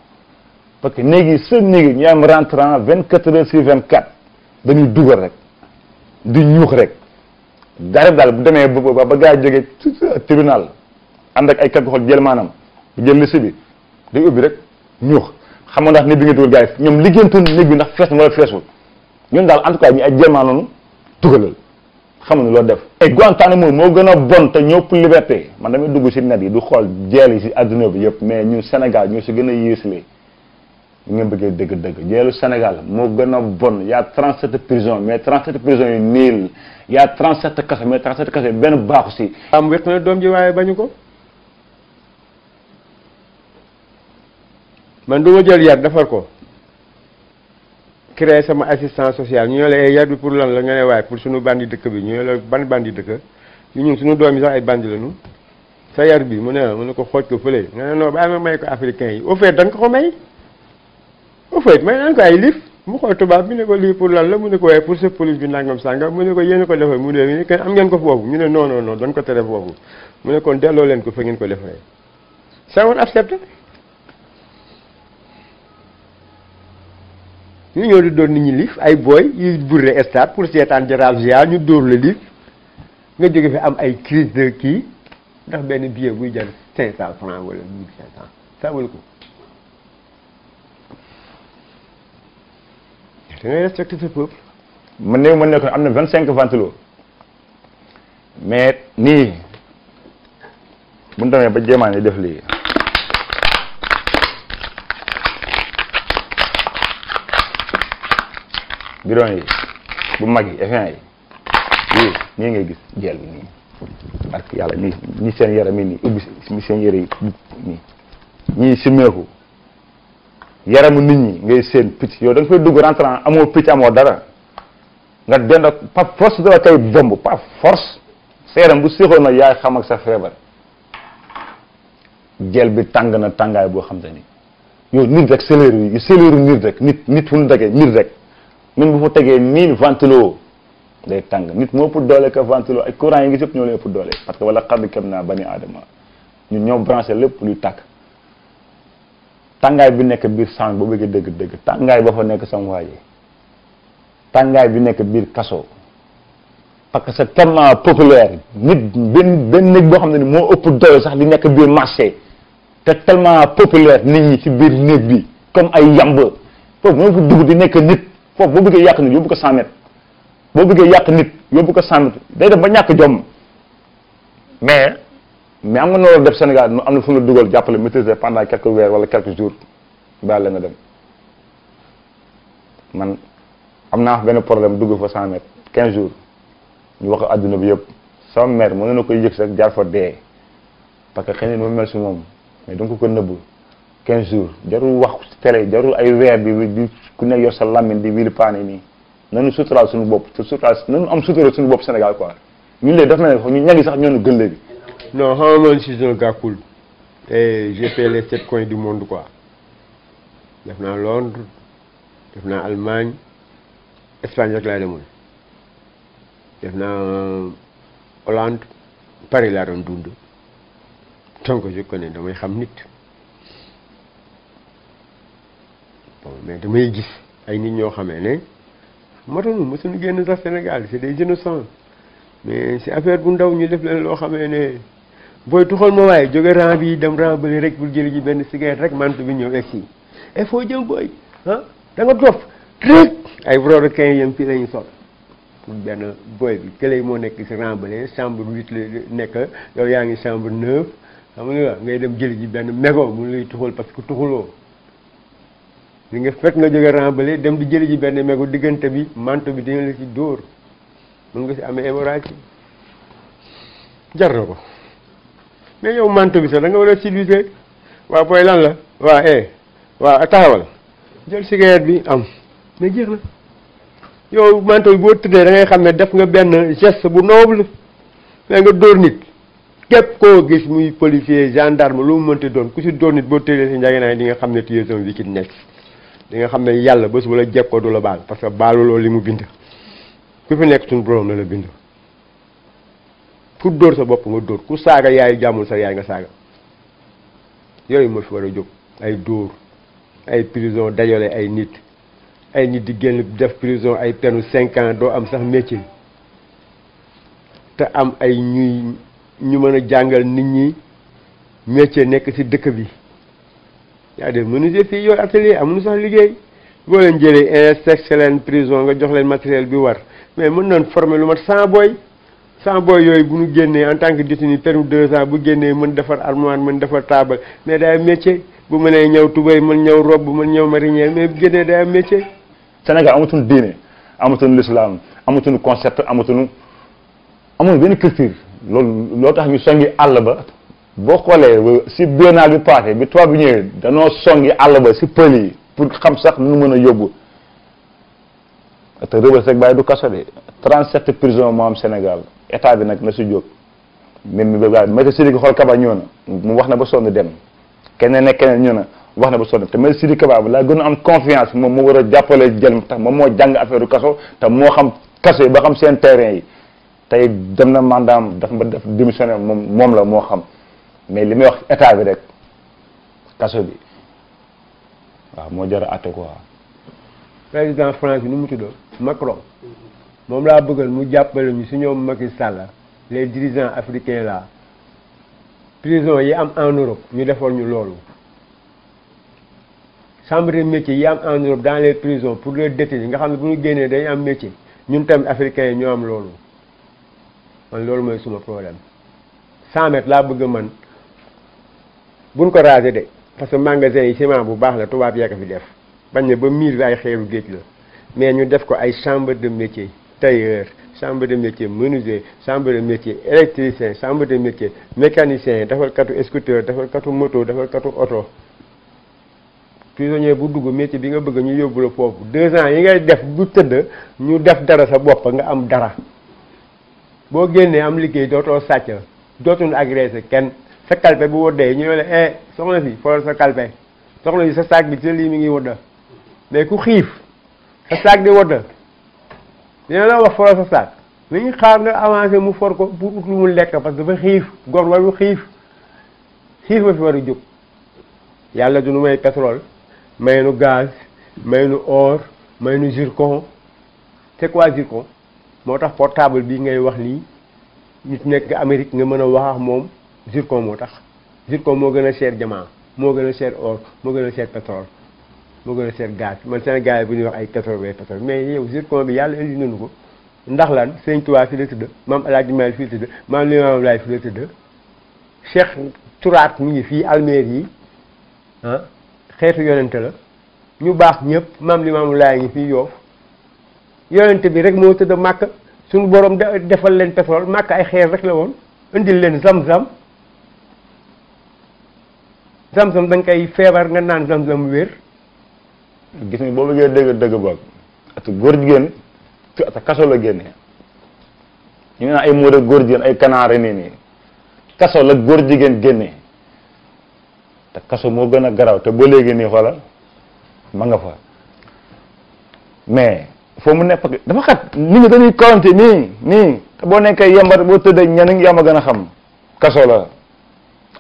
parce que néeg yi seen néeg yi ñu am vingt quatre heures sur vingt quatre dañuy dugal rek di ñuux rek garab daal bu demee bu ba ba gaa jógee tribunal ànd ak ay kàggu xool jël maanaam jël liste bi day ubbi rek ñuux. xam nga ndax néeg bi nga dugal gars yi ñoom liggéeyantoon néeg bi ndax fees na wala feesul ñun daal en tout cas ñu ay jéemaa noonu dugalal xam nga loolu def. et moo gën a bon te ñëpp liberté man damay dugg si net yi du xool jeel yi si adduna bi yëpp mais ñu Sénégal ñoo si gën a yéeslee ñu nga bëggee dëgg-dëgg jeelu Sénégal moo gën a bon y' a 37 prison mais 37 prison yu niil y' a 37 kaso mais 37 kaso benn baaxu si. am wet na doom ji waaye ko. man du ma jël yar defar ko créer sama assistance sociale ñu ne la eh, yar bi pour lan la nga ne waaye pour suñu bandi dëkk bi ñu ne la ban bandi dëkk ñun suñu doom yi sax ay bandi lañu sa yar bi mu ne la mu ne ko xooj ko fële nga ne non ba ma may ko africain yi au fait da ko may au fait may naan ko ay lif mu xool tubaab bi ne ko lii pour lan la mu ne ko waaye pour sa police bi nangam sànga mu ne ko yéen ko defee mu ne ko foofu ñu ne non non non ko tere foofu mu ne kon delloo leen ko fa ngeen ko defee ça ñu ñoo di doon nit ñi liif ay booy yuy burre stade pour etaan Jaraaf Gia ñu dóor la liif nga jóge fi am ay crise de kii ndax benn billet buy jar cinq cent franc wala mille cinq cent ça vaut le coup ko am na vingt cinq ventilo mais nii bu ñu demee ba jéemaan yi def lii bidon yi bu mag yi yi yii nii ngay gis jeel bi nii parce yàlla nii ñi seen yaram yi nii ubbi seen yére yi nii ñii nit ñi ngay seen picc yow da nga dugg rentrant amoo picc amoo dara nga dend ak par force dala kay bomb bu séexoon na yaay xam ak sa feebar jel bi tàng na tàngaay boo xam te ni yow nit rek céléru yi céléru nit rek nit nit fu nit rek même bu fa tegee mille ventilo day tàng nit moo ëpp doole ka ventilo ay courant yi ngi yëpp ñoo leen ëpp doole parce que wala xadd kem naa bani aadama ñun ñoo branché lépp luy tàkk tàngaay bi nekk biir sang ba bëggee dëgg dëgg tàngaay ba nekk sam tàngaay bi nekk biir kaso parce que c'est tellement populaire nit benn benn nit boo xam ne ni moo ëpp doole sax li nekk biir marché te tellement populaire nit ñi ci biir néeg bi comme ay yamb foofu moo fa dugg di nekk nit foofu boo bëggee yàq nit yóbbu ko 100 mètres boo bëggee yàq nit yóbbu ko 100 day dem ba ñàkk jomm mais mais am nga noonu def Sénégal am na fu mu la dugal jàppale maîtriser pendant quelques weer wala quelques jours baal la nga dem man am naa benn problème dugg fa 100 mètres jours ñu wax adduna bi yëpp sama mère mën na ko yëg sax jaar fa dee parce que xëy na nu mel si moom mais danga ko nëbbu. 15 jours jarul wax télé jarul ay weer bi di ku ne yor sa lamine di wilpaane nii nanu suturaal suñu bopp te suturaal nanu am sutura suñu bopp Sénégal quoi ñun léegi dafa mel ne ñu ñagi sax ñoonu gën léegi non xam nga man je suis un gars cool et eh, j'ai fait les sept coins du monde quoi def naa Londres def naa Allemagne Espagne rek laa demoon def naa euh, Hollande Paris laa doon dund donc je connais damay xam nit bon mais damay gis ay nit ñoo xamee ne matanu mësuñu génn sax Sénégal c'est des innocents mais si affaire bu ndaw ñu def leen loo xamee ne booy tuxal ma waaye jóge rang bi dem rang rek pour jëli ji benn cigarette rek mantu bi ñëw egg si et eh, foo jëm booy ah da nga dof rek ay brodequins yam fii la ñu sol pour benn booy bi kële moo nekk si rang bële chambre huit la nekk yow yaa ngi chambre neuf xam ngay dem jëli ji benn mégot mu luy tuxal parce que tuxuloo li nga fekk nga jóge rembale dem di jële ji benn meegu diggante bi manto bi dina la ci dóor mën nga si amee hémorragie jar na ko mais yow manto bi sax da nga war a civilisé waaw booy lan la waa eh waa taxawal jël si cigarette bi am mais jeex na yow manto bi boo tëddee da ngay xam ne def nga benn geste bu noble mais nga dóor nit képp koo gis muy policier gendarme lu mu mënti doon ku si dóor nit boo tëddee si njëgën di nga xam ne tu es un victime di nga xam ne yàlla bés bu la jekkoo du la baal parce que baaluloo li mu bind ku fi nekk suñu borom na la bind pour dóor sa bopp nga dóor ku saaga yaay jàmmul sax yaay nga saaga yooyu moo fi war a jóg ay dóor ay prison dajale ay nit ay nit di génn def prison ay penu cinq ans doo am sax métier te am ay ñuy ñu mën a jàngal nit ñi métier nekk ci dëkk bi yaa def menuisier fii yor atelier amuñu sax liggéey boo leen jëlee inspecté leen prison nga jox leen matériel bi war mais mën nañ former lu mat 100 booy 100 booy yooyu bu ñu génnee en tant que détenu permis deux ans bu génnee mën defar armoire mën defar taabal mais day am métier bu mënee ñëw tubéy mën ñëw robe mën ñëw marinière mais bu génnee day am métier. Sénégal amatuñu diine amatuñu lislaam amatuñu concept amatu amul benn culture loolu loo tax ñu songi àll ba. boo xoolee si biennale bi passé bi tubaab bi ñëwee danoo songi àll ba si pël yi pour xam sax nu mën a yóbbu te Rebeuss rek bàyyi du kaso de 37 prison moo am Sénégal état bi nag na si jóg même bi ba maître Sidiki xool Kaba ñëw na mu wax na ba sonn dem keneen ne keneen na wax na ba sonn te maître Sidiki Kaba laa gën a am confiance moom mu war a jàppale jël tax moom moo jàng affaire du kaso te moo xam kaso yi ba xam seen terrain yi tey dem na mandaam daf ma def démissionné moom moom la moo xam mais li may wax état bi rek kaso bi waaw moo jar a àtte quoi. président France bi nu mu tuddoo Macron moom laa bëgg bëggal mu jàppale ñu si ñoom Macky Sall les dirigeants africains là yi am en Europe ñu defoon ñu loolu chambre de métier yi am en Europe dans les prisons pour les détenus nga xam ne bu ñu génnee dañu am métier ñun tamit africains yi ñoo loolu man loolu mooy suma problème 100 laa bëgg man. bu buñ ko raser de parce que magasin yi ciment bu baax la tubaab yee ko fi def bañ ne ba miir bi ay xeeru géej la mais ñu def ko ay chambre de métier tailleur chambre de métier menuisier chambre de métier électricien chambre de métier mécanicien dafal katu scooter dafal katu moto dafal katu oto prisonnier bu dugg métier bi nga bëgg ñu yóbbu la foofu deux yi ngay def bu tëdd ñu def dara sa bopp nga am dara boo génnee am liggéey dootoo sàcc dootuñu agressé sa kalpe bu wëddee ñu ne la eh soxna si xoolal sa kalpe soxna si sa saag bi ci lii mi ngi wëdda mais ku xiif sa saag di wëdda dina la wax xoolal sa saag li ñu xaar nga avancé mu for ko pour ut lu mu lekk parce que dafa xiif góor waru xiif xiif ma fi war a jóg yàlla du nu may pétrole may nu gaz may nu or may nu zircon c'est quoi zircon moo tax portable bi ngay wax lii nit nekk Amérique nga mën a wax ak moom. zircon moo tax zircon moo gën a cher diamant moo gën a cher or moo gën a cher pétrole moo gën a cher gaz man Sénégal bu ñuy wax ay pétrole wala pétrole mais yow zircon bi yàlla indi nañu ko ndax lan Sëñ Tuubaa fi tëdd maam El Hadj Malick fi la tëdd maam Limaamu Laay la tëdd Cheikh Turaat mi ngi fii almeer yi ah, xeetu yonente la ñu baax ñëpp maam Limaamu Laay ngi fii yoof yonente bi rek moo tëdd makk suñu borom defal leen pétrole màkk ay xeer rek la woon indil leen zam-zam. zamzam da nga feebar nga naan zamzam wér. gis nga boo bëggee dëgg dëgg boog atu góor jigéen ci ata kaso la génnee ñu ngi naan ay moore góor jigéen ay kanaare nii nii kaso la góor jigéen génne te kaso moo gën a garaw te ba léegi nii xoolal ma nga fa mais foo mu nekk dafa xat nit ñi dañuy kawante nii nii boo nekkee yembar boo tëddee ñeneen yaa ma gën a xam kaso la.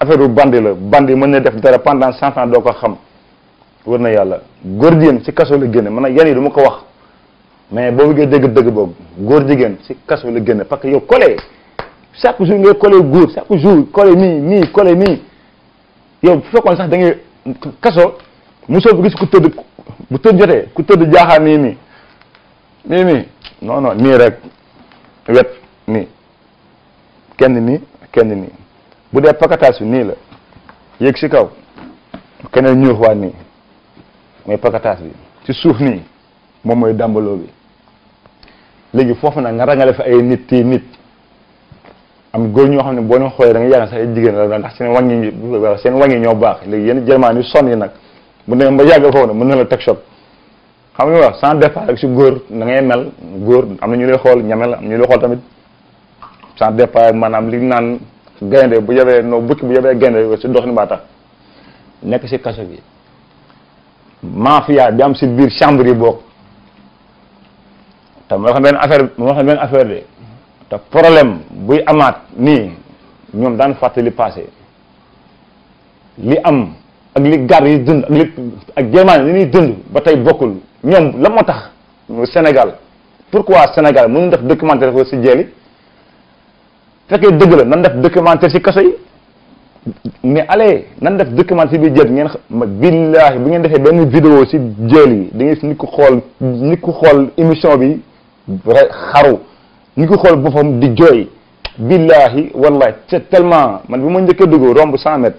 affaire bandi la bandi mën na def dara pendant cent ans doo ko xam wër na yàlla góor jigéen si kaso la génne man nag yan yi du ma ko wax mais boo bëggee dégg dëgg boobu góor jigéen ci kaso la génne parce que yow collé chaque jour ngay collé góor chaque jour collé nii nii collé nii yow bu fekkoon sax da ngay kaso mosoo bu gis ku tëdd bu tëdd jotee ku tëdd jaaxaar nii nii nii nii non non nii rek wet nii kenn nii kenn nii bu dee pakataas bi nii la yëg si kaw keneen ñuux waat nii mooy ci suuf nii moom mooy dàmbaloo bi léegi foofu nag nga rangale fa ay nit tii nit am góor ñoo xam ne boo leen xoolee da nga yaakaar sax ay jigéen la ndax seen wàññi seen wàññi baax léegi yenn jermaan yu yi nag bu ne ba yàgg foofu nag mën na la teg choc xam nga wax sans départ rek si góor da ngay mel góor am na ñu lay xool ñame la am ñu lay xool tamit sans départ maanaam li naan gaynde bu yebee noo bukki bu yebee gaynde si dox ni baa tax nekk si kaso bi mafia bi am si biir chambre yi bokk te moo xam affaire moo xam benn affaire de problème buy amaat nii ñoom daan fàttali passé li am ak li gar yi dund ak li ak Germagne li ñuy dund ba tey bokkul ñoom la moo tax Sénégal pourquoi Sénégal mënuñu def documentaire ko si jeel fekkee dëgg la nan def documentaire ci kaso yi mais allez nan def documentaire ci bi jël ngeen ma billaahi bu ngeen defee benn vidéo ci jël yi da ngeen si nit ku xool nit ku xool émission bi xaru nit ku xool boppam di jooy billaahi wallahi c'est tellement man bi ma njëkkee dugg romb 100 mètres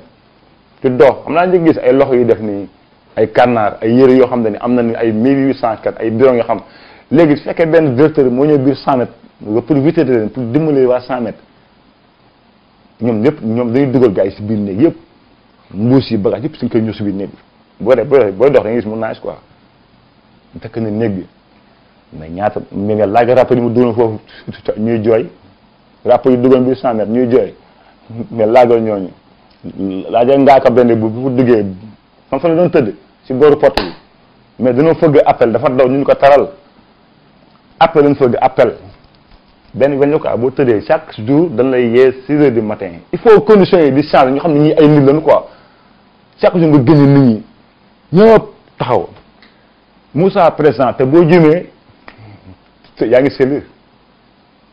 te dox xam naa njëkk gis ay loxo yu def nii ay kànnaar ay yëre yoo xam ne am na ni ay 1804 ay bidon yoo xam léegi su fekkee benn directeur moo ñëw biir 100 mètres nga pour visiter leen pour waa 100 ñoom ñëpp ñoom dañuy dugal gars si biir néeg yëpp mbuus yi bagage yëpp suñ koy ñëw si biir néeg bi boo dee booy dox da ngay gis mu naaj quoi fekk na néeg bi mais ñaata mais nga laaj rapport yi mu dugal foofu ñuy jooy rapport yi dugal bi cent mètres ñuy jooy mais laajal ñooñu laajal ngaaka benn bu bu duggee fan fan la doon tëdd si booru pot bi mais dañoo fëgg appel dafa daw ñu ko taral appel lañ fëgg appel benn benn quoi boo tëddee chaque jour dañ lay yee six heures du matin il faut conditions yi di changer ñu xam ne ñii ay nit lañu ko chaque jour nga gën ni ñi ñëpp taxaw Moussa présent te boo jumee yaa ngi sellir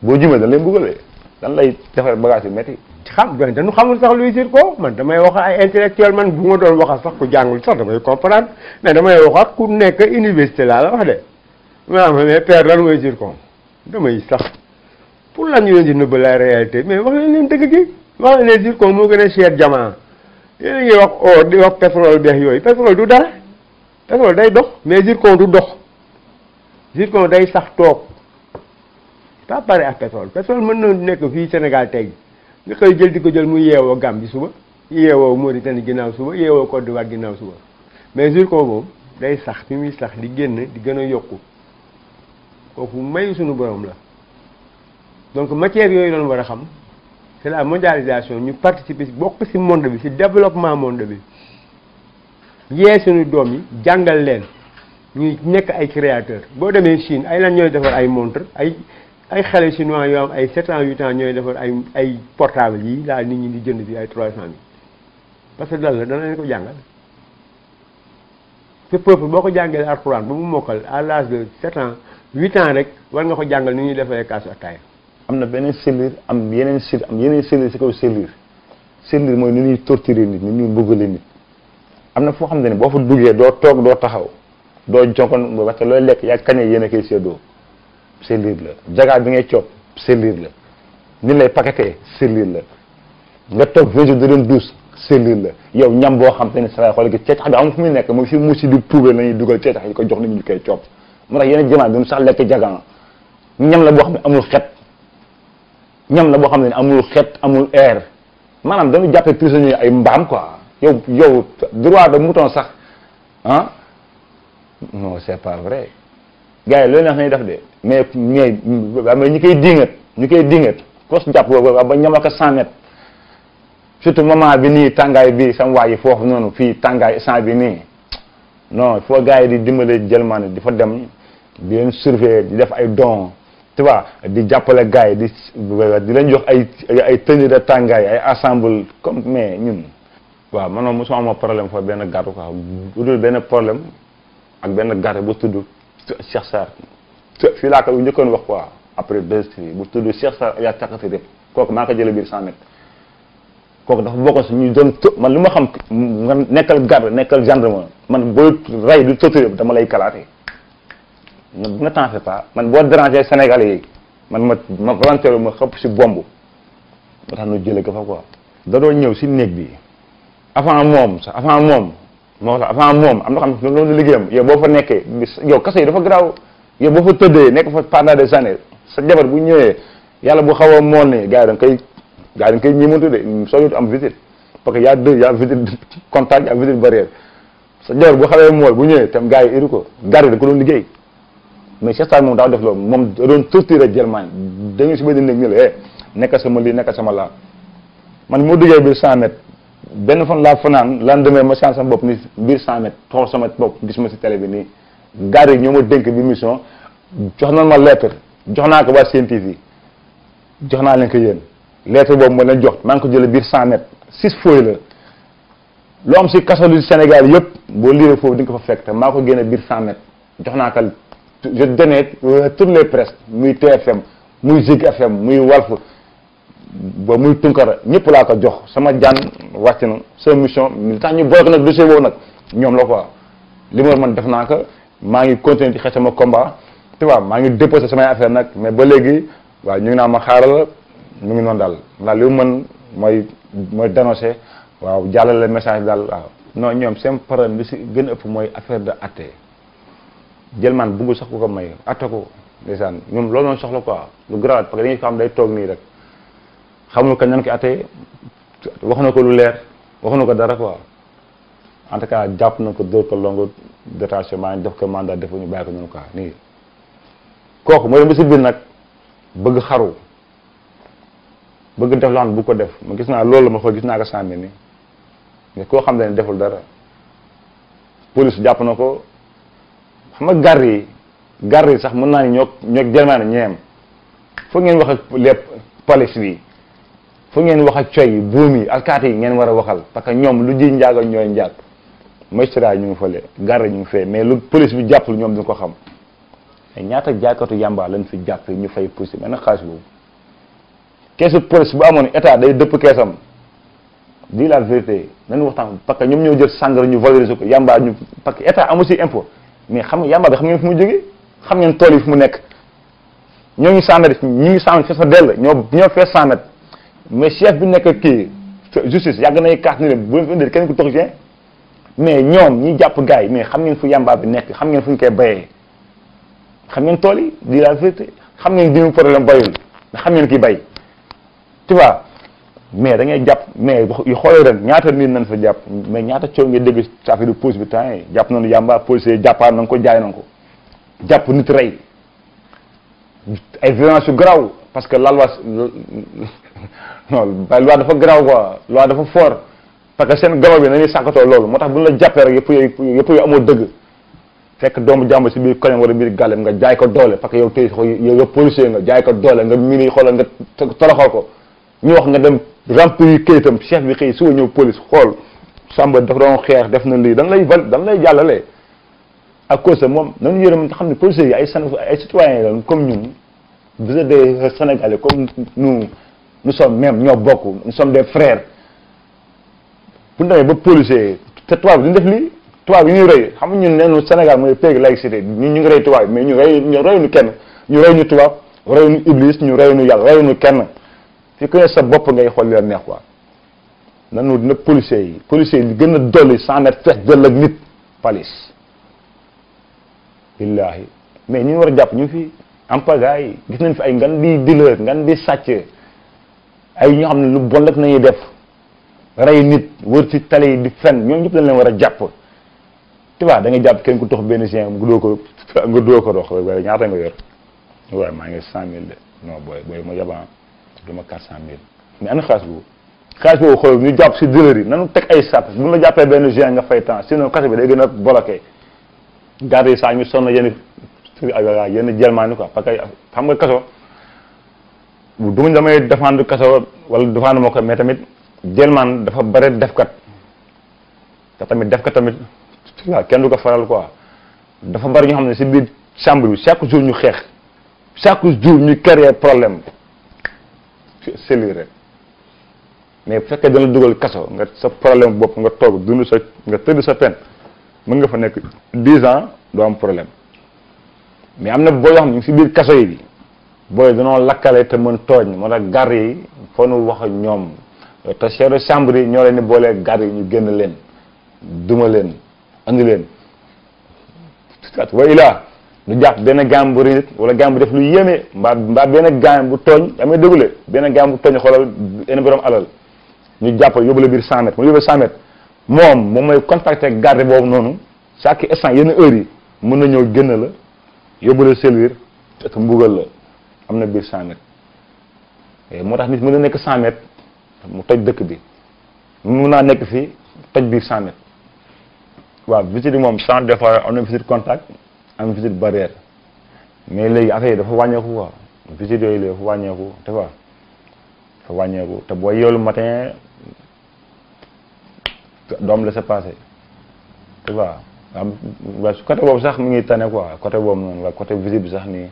boo jumee dañ lay mbugalee dañ lay defar bagage yu métti xam dañu xamul sax luy siir ko man damay wax ay intellectuel man bu ma doon wax sax ku jàngul sax damay comprendre mais damay wax ak ku nekk université laa la wax de maanaam mais père lan mooy ko damay sax pour lan ñu leen la réalité mais wax leen leen dëgg gi wax leen leen zircon moo gën a cher jamaa yéen a ngi wax or di wax pétrole beex yooyu pétrole du dara pétrole day dox mais zircon du dox zircon day sax toog pas pare ak pétrole pétrole mën na nekk fii Sénégal tey nga jël di ko jël mu yeewoo Gambie suba yeewoo Mauritanie ginnaaw suba yeewoo Côte d'Ivoire ginnaaw suba mais zircon moom day sax fi muy sax di génn di gën a yokku kooku mayu sunu borom la donc matière yooyu noonu war a xam c'est la mondialisation ñu participer bokk si monde bi si développement monde bi yee suñu doom yi jàngal leen ñuy nekk ay créateur boo demee Chine ay lan ñooy defar ay montre ay ay xale chinois yoo am ay 7 ans 8 ans ñooy defar ay ay portable yi laa nit ñi di jënd bi ay 300 000 parce que dal la dana leen ko jàngal te peuple boo ko jàngalee Alxuraan bu mu mokkal à l'âge de 7 ans 8 ans rek war nga ko jàngal ni ñuy defaree kaasu ataaya am na beneen cellule am yeneen cellule am yeneen cellule ci mooy nu ñuy torturer nit nu ñuy mbugale nit am na foo xam ne boo fa duggee doo toog doo taxaw doo jonkoon parce que looy lekk yaa kañe yéen a koy séddoo cellule la jagaa bi ngay coob cellule la ni lay paquetee cellule la nga toog vingt jours da doon douze cellule la yow boo xam te ne saa xool gi ceecax bi amul fu muy nekk mu si musi di prouver la ñuy dugal ceecax yi ko jox nit ñu koy coob moo tax yeneen jamono bi sax lekk jagaan ñam la boo xam ne amul xet amul air maanaam dañu jàppee prisonnier ay mbaam quoi yow yow droit de mouton sax ah non c' pas vrai gars yi loolu la ñuy def de mais mais mais ñu koy dingat ñu koy dingat kos jàpp ba ñamal ko cent mètres surtout moment bi nii tàngaay bi sam yi foofu noonu fii tàngaay sant bi nii no foo faut yi di dimbale jëlmaane di fa dem di leen surveiller di def ay don tu vois di jàppale gars yi di di leen jox ay ay tenue tàngaay ay ensemble comme mais ñun waaw man moom mosuma amoo problème benn gàtt quoi benn problème ak benn gàtt bu tudd Cheikh Sarr fii laa ko njëkkoon wax quoi après deux bu tudd Cheikh Sarr yaa càkkati rek kooku maa ko jëlee biir 100 kooku dafa bokkoon si ñu doon man lu ma xam nga nekkal gàtt nekkal gendarme man booy rey du tëtu dama lay kalaate ne ne t'en fais man boo déranger senegal yi man ma ma volontaire ma xëpp si bomb moo tax ñu jëlee ko fa quoi. da doon ñëw si néeg bi avant moom sax avant moom moo tax avant moom am na xam ne loolu liggéeyam yow boo fa nekkee yow kase yi dafa garaaw yow boo fa tëddee nekk fa pendant des années sa jabar bu ñëwee yàlla bu xaw a mool ne gars yi dañ koy gars yi dañ koy de soo ñu am visite parce que y' a deux y' a visite contact y' a visite sa jabar bu xawee mool bu ñëwee tam gars yi iri ko gars yi da ko doon liggéey. mais Cheikh Sall moom daaw def loolu moom doon torturer Jelmaañ dañu si benn néeg ñu la eh sama lii nekk sama laa man moo duggee biir 100 mètres benn fan laa fanaan lan demee ma changé sama bopp ni biir 100 mètres xool sama bopp gis ma si télé bi nii gars ñoo ma dénk bi mission jox nañ ma lettre jox naa ko waa Sen TV jox naa leen ko yéen lettre boobu ma leen jox maa ngi ko jëlee biir 100 mètres six feuilles la loo am si kaso du Sénégal yëpp boo liiree foofu di ko fa fekk te maa ko génne jox naa ko je donnais toutes les presses muy TFM muy Zik FM muy Walf ba muy Tunkara ñëpp laa ko jox sama jaan wàcc na sa mission militant ñu boole ko nag dossier boobu nag ñoom la quoi li ma man def naa ko maa ngi continuer di xeex sama combat tu vois maa ngi déposé samay affaire nag mais ba léegi waaw ñu ngi naan ma xaaral mu ngi noonu daal ndax li man mën mooy mooy waaw waaw jàllale message daal waaw non ñoom seen problème bi si gën a ëpp mooy affaire de athée jël man bëggul sax ku ko may attaku ndeysaan ñoom loolu noonu soxla quoi lu garawaat parce que dañuy ko am day toog nii rek xamul kañ nan ko attee wax na ko lu leer wax na ko dara quoi en tout jàpp na ko dóor ko longu détachement def ko mandat defu ñu bàyyi ko noonu quoi kooku mooy dem si nag bëgg xaru bëgg def lan bu ko def gis naa loolu ma xool gis naa ko sànni ni mais koo xam ne deful dara police jàpp na ko xam nga gar yi gar yi sax mën naa ni ñoo ñoo Germain ñeem foog ngeen wax ak les police bi foog ngeen wax ak coy yi buum yi alkaati yi ngeen war a waxal parce que ñoom lu ji njaaga ñooy njaag magistrat ñu ngi fële gar ñu ngi fee mais lu police bi jàppul ñoom duñ ko xam ñaata jaaykatu yàmbaa lañ fi jàpp ñu fay pousse mais nag xaalis boobu keesu police bu amoon état day dëpp keesam di la vérité nañ waxtaan parce ñoom ñoo jël sàngara ñu valoriser ko yàmbaa ñu parce que état amu si impôt mais xam nga yàmba bi xam ngeen fu mu jógee xam ngeen tool fu mu nekk ñoo ngi cent mètres ngi cent mètres fees dell ñoo ñoo fees cent mètres mais chef bi nekk kii justice yàgg nay kaas ni leen bu leen fi kenn ku tox jeen mais ñoom ñi jàpp gars yi mais xam ngeen fu yàmbaa bi nekk xam ngeen fu ñu koy bayee xam ngeen tool yi di la vérité xam ngeen dimu problème bayul xam ngeen ki bay tu mais dangay jàpp mais yu xoolee ren ñaata nit nañ fa jàpp mais ñaata coow nga dégg ci affaire bi temps yi jàpp nañu yàmba policier jàppaa nañ ko jaay nañ ko jàpp nit rey ay violence yu garaaw parce que la loi non la loi dafa garaaw quoi loi dafa fort parce que seen garaaw bi nañuy sàkkatoo loolu moo tax bu ñu la jàppee rek yëpp yooyu yëpp yooyu amoo dëgg fekk doomu jàmbur si biir koñam wala biir gàllem nga jaay ko doole parce que yow tey yow yow policier nga ko ñu wax nga dem remplir kayitam chef bi xëy suba ñëw police xool Samba dafa doon xeex def na lii dan lay val dan lay jàllale ak cause moom moom nañu yërëm xam ne policiers yi ay ay citoyens lañ comme ñun vous êtes des Sénégalais comme nous nous sommes même ñoo bokk nous sommes des frères bu ñu demee ba policier te tubaab duñ def lii tubaab yi ñuy rey xam ñun neenu senegal mooy pays laïcité ñun ñu ngi rey tubaab mais ñu rey ñu kenn ñu rey ñu tubaab rey ñu iblis ñu rey ñu yàlla rey ñu kenn fi ku ne sa bopp ngay xool leen neex na nanu dina policiers yi policiers yi gën a dolli cent mètres fees dell nit police billaahi mais ñu war a jàpp ñu fi am pagaay yi gis nañ fi ay ngan di dealer ngan di sàcc ay ñoo xam ne lu bon rek nañuy def rey nit wër ci tali yi di fen ñoom ñëpp dañ leen war a jàpp tu vois da jàpp kenn ku tox benn chien nga doo ko nga doo ko ñaata nga yor waaye maa ngi cent mille de booy booy ma yaban ah. du ma 400000 mais ana xaalis boobu xaalis boobu xool ñu jàpp si dealer yi nanu teg ay sart bu ñu la jàppee benn juin nga fay temps sinon kase bi day gën a bloqué garde yi saa ñu sonn yenn suñu ay yenn jelmaani quoi parce que xam nga kaso bu ma damay défendre kaso wala défendre moo ko mais tamit jelmaan dafa bare defkat te tamit defkat tamit waaw kenn du ko faral quoi dafa bari ñoo xam ne si biir chambre bi chaque jour ñu xeex chaque jour ñu créer problème cellule rek mais bu fekkee dana dugal kaso nga sa problème bopp nga toog dund sa nga tëdd sa pen mun nga fa nekk dix ans doo am problème mais am na boo yoo xam ne si biir kaso yi bi booy danoo lakkale te mën tooñ moo tax gar yi foo nu wax ñoom te seeru chambre yi ñoo leen ni boolee gar yi ñu génn leen duma leen andi leen wa ilaa lu jàpp benn gaam bu rëy wala gaam bu def lu yéeme mbaa mbaa benn gaam bu tooñ amee dégule benn gaam bu tooñ xoolal benn borom alal ñu jàpp yóbbu la biir 100 mètres mu yóbbu 100 moom moom mooy contacté garde boobu noonu chaque instant yenn heure yi mën na ñëw génn la yóbbu la servir fekk mbugal la am na biir 100 mètres eh, moo tax nit mën na nekk 100 mu toj dëkk bi mun naa nekk fii toj biir 100 mètres waaw visite bi moom sans des fois am na visite contact. am visite barrière mais léegi affaire yi dafa wàññeeku quoi visite yooyu léegi dafa wàññeeku te quoi dafa wàññeeku te booy yeewul matin doom la sa passé te quoi am côté boobu sax mu ngi tane ko côté boobu noonu waa côté visite bi sax nii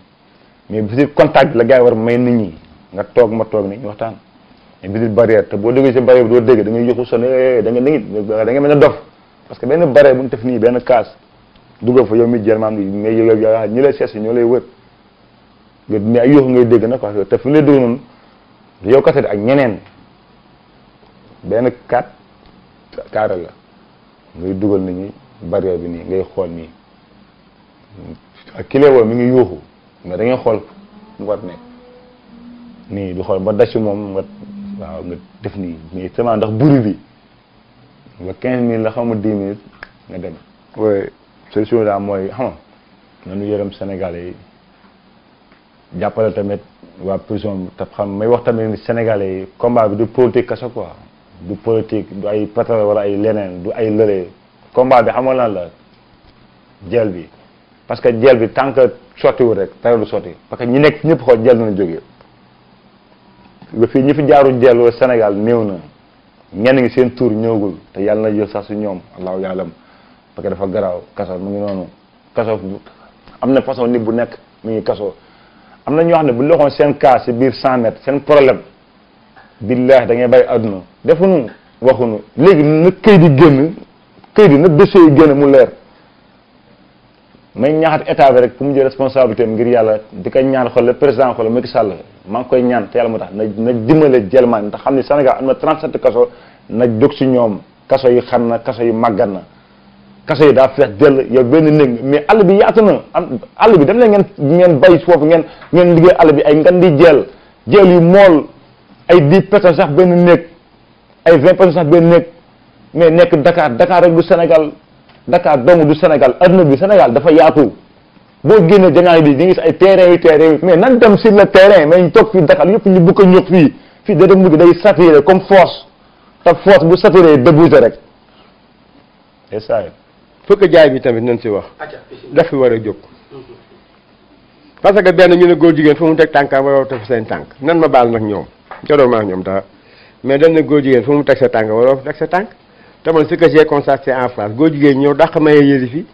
mais visite contact la gaa yi war may nit ñi nga toog ma toog ni ñu waxtaan mais visite te boo déggee si barrière bi doo dégg da ngay yëngu sonn da dof parce que benn barrière bu ñu def nii benn kaas. dugg fa yow mi jël maam mais yow yaa ñi lay seet si ñoo lay wër mais ay yoo ngay dégg nag parce que te fu ñu lay ak ñeneen benn kat kaara la ngay dugal nit ñi barrière bi nii ngay xool nii ak ki woo mi ngi yuuxu mais da ngay xool mu war nekk nii du xool ba daj si moom nga waaw def nii mais seulement ndax buri bi nga quinze minutes la xam nga dix nga dem. solution daal mooy xam nga nañu yërëm Sénégalais yi jàppale tamit waa prison te xam may wax tamit Sénégalais yi combat bi du politique kese quoi du politique du ay pétrole wala ay leneen du ay lële combat bi xamal lan la jël bi parce que jël bi tant que sottiwul rek tawee du sotti parce que ñu nekk ñëpp xool jël nañu jógee ba fii ñi fi jaaru jël wala Sénégal néew na ñenn ngi seen tour ñëwagul te yàlla na jël sax si ñoom allahu yaalam parce que dafa garaaw kaso mu ngi noonu kaso am na façon nit bu nekk mu ngi kaso am na ñoo xam ne bu loxoon seen cas si biir 100 mètres seen problème billahi da ngay bàyyi àdduna nu waxuñu léegi na këy di génn këy di na dossier génn mu leer may ñaaxat état bi rek fu mu jël responsabilité am ngir yàlla di ko ñaan xol le président xol Macky Sall maa ngi koy ñaan te yàlla mu tax na na dimbale jelmaan te xam ne Sénégal am na 37 kaso na jóg si ñoom kaso yi xam na yi màggat na kaso yi daa fees dell yow benn néeg mais àll bi yaatu na àll bi dem leen ngeen ngeen bay foofu ngeen ngeen liggéey àll bi ay ngan di jel jeel yu mool ay dix personnes sax benn néeg ay vingt personnes sax benn néeg mais nekk Dakar Dakar rek du Sénégal Dakar dong du Sénégal adduna bi senegal dafa yaatu boo génnee jangaay bi di gis ay terrain yu terrain yu mais nan dem sur le terrain mais ñu toog fii Dakar yëpp ñu bëgg a ñëw fii fii da dem mujj day saturé comme force te force bu saturé débouché rek c'est fëkk jaay bi tamit nañ si wax daf fi war a jóg parce que benn ñu ne góor jigéen fu mu teg tànkam waroo teg seen tànk nan ma baal nag ñoom jodoon maa ñoom dara mais dañ ne góor jigéen fu mu teg sa tànk waroo teg sa tànk te man ce que j'ai constaté en France góor jigéen ñëw dàq maye yëri fii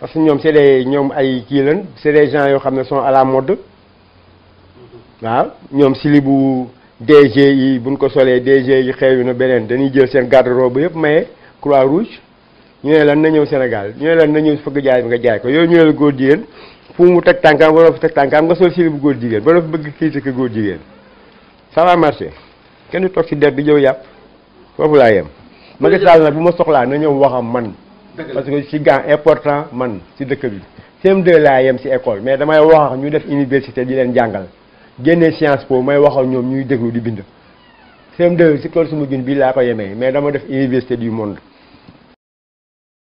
parce que ñoom c'est des ñoom ay kii lan c'est des gens yoo xam ne sont à la waaw ñoom sili bu DG yi buñ ko solee DG yi xew yu na beneen dañuy jël seen garde-robe yëpp maye croix ñu ne lan na ñëw Sénégal ñu ne lan na ñëw fëgg jaay nga jaay ko yooyu ñu ne la góor jigéen fu mu teg tànkam waroo fi teg tànkam nga sol sili bu góor jigéen ba fi bëgg critique góor jigéen ça va marché kenn du toog ci der bi jëw yàpp foofu laa yem Macky Sall nag bu ma soxlaa na ñëw waxam man parce que ci gan important man ci dëkk bi CM2 laa yem ci école mais damay wax ñu def université di leen jàngal génne Sciences Po may waxal ñoom ñuy déglu di bind CM2 ci classe su ma gun bii laa ko yemee mais dama def université du monde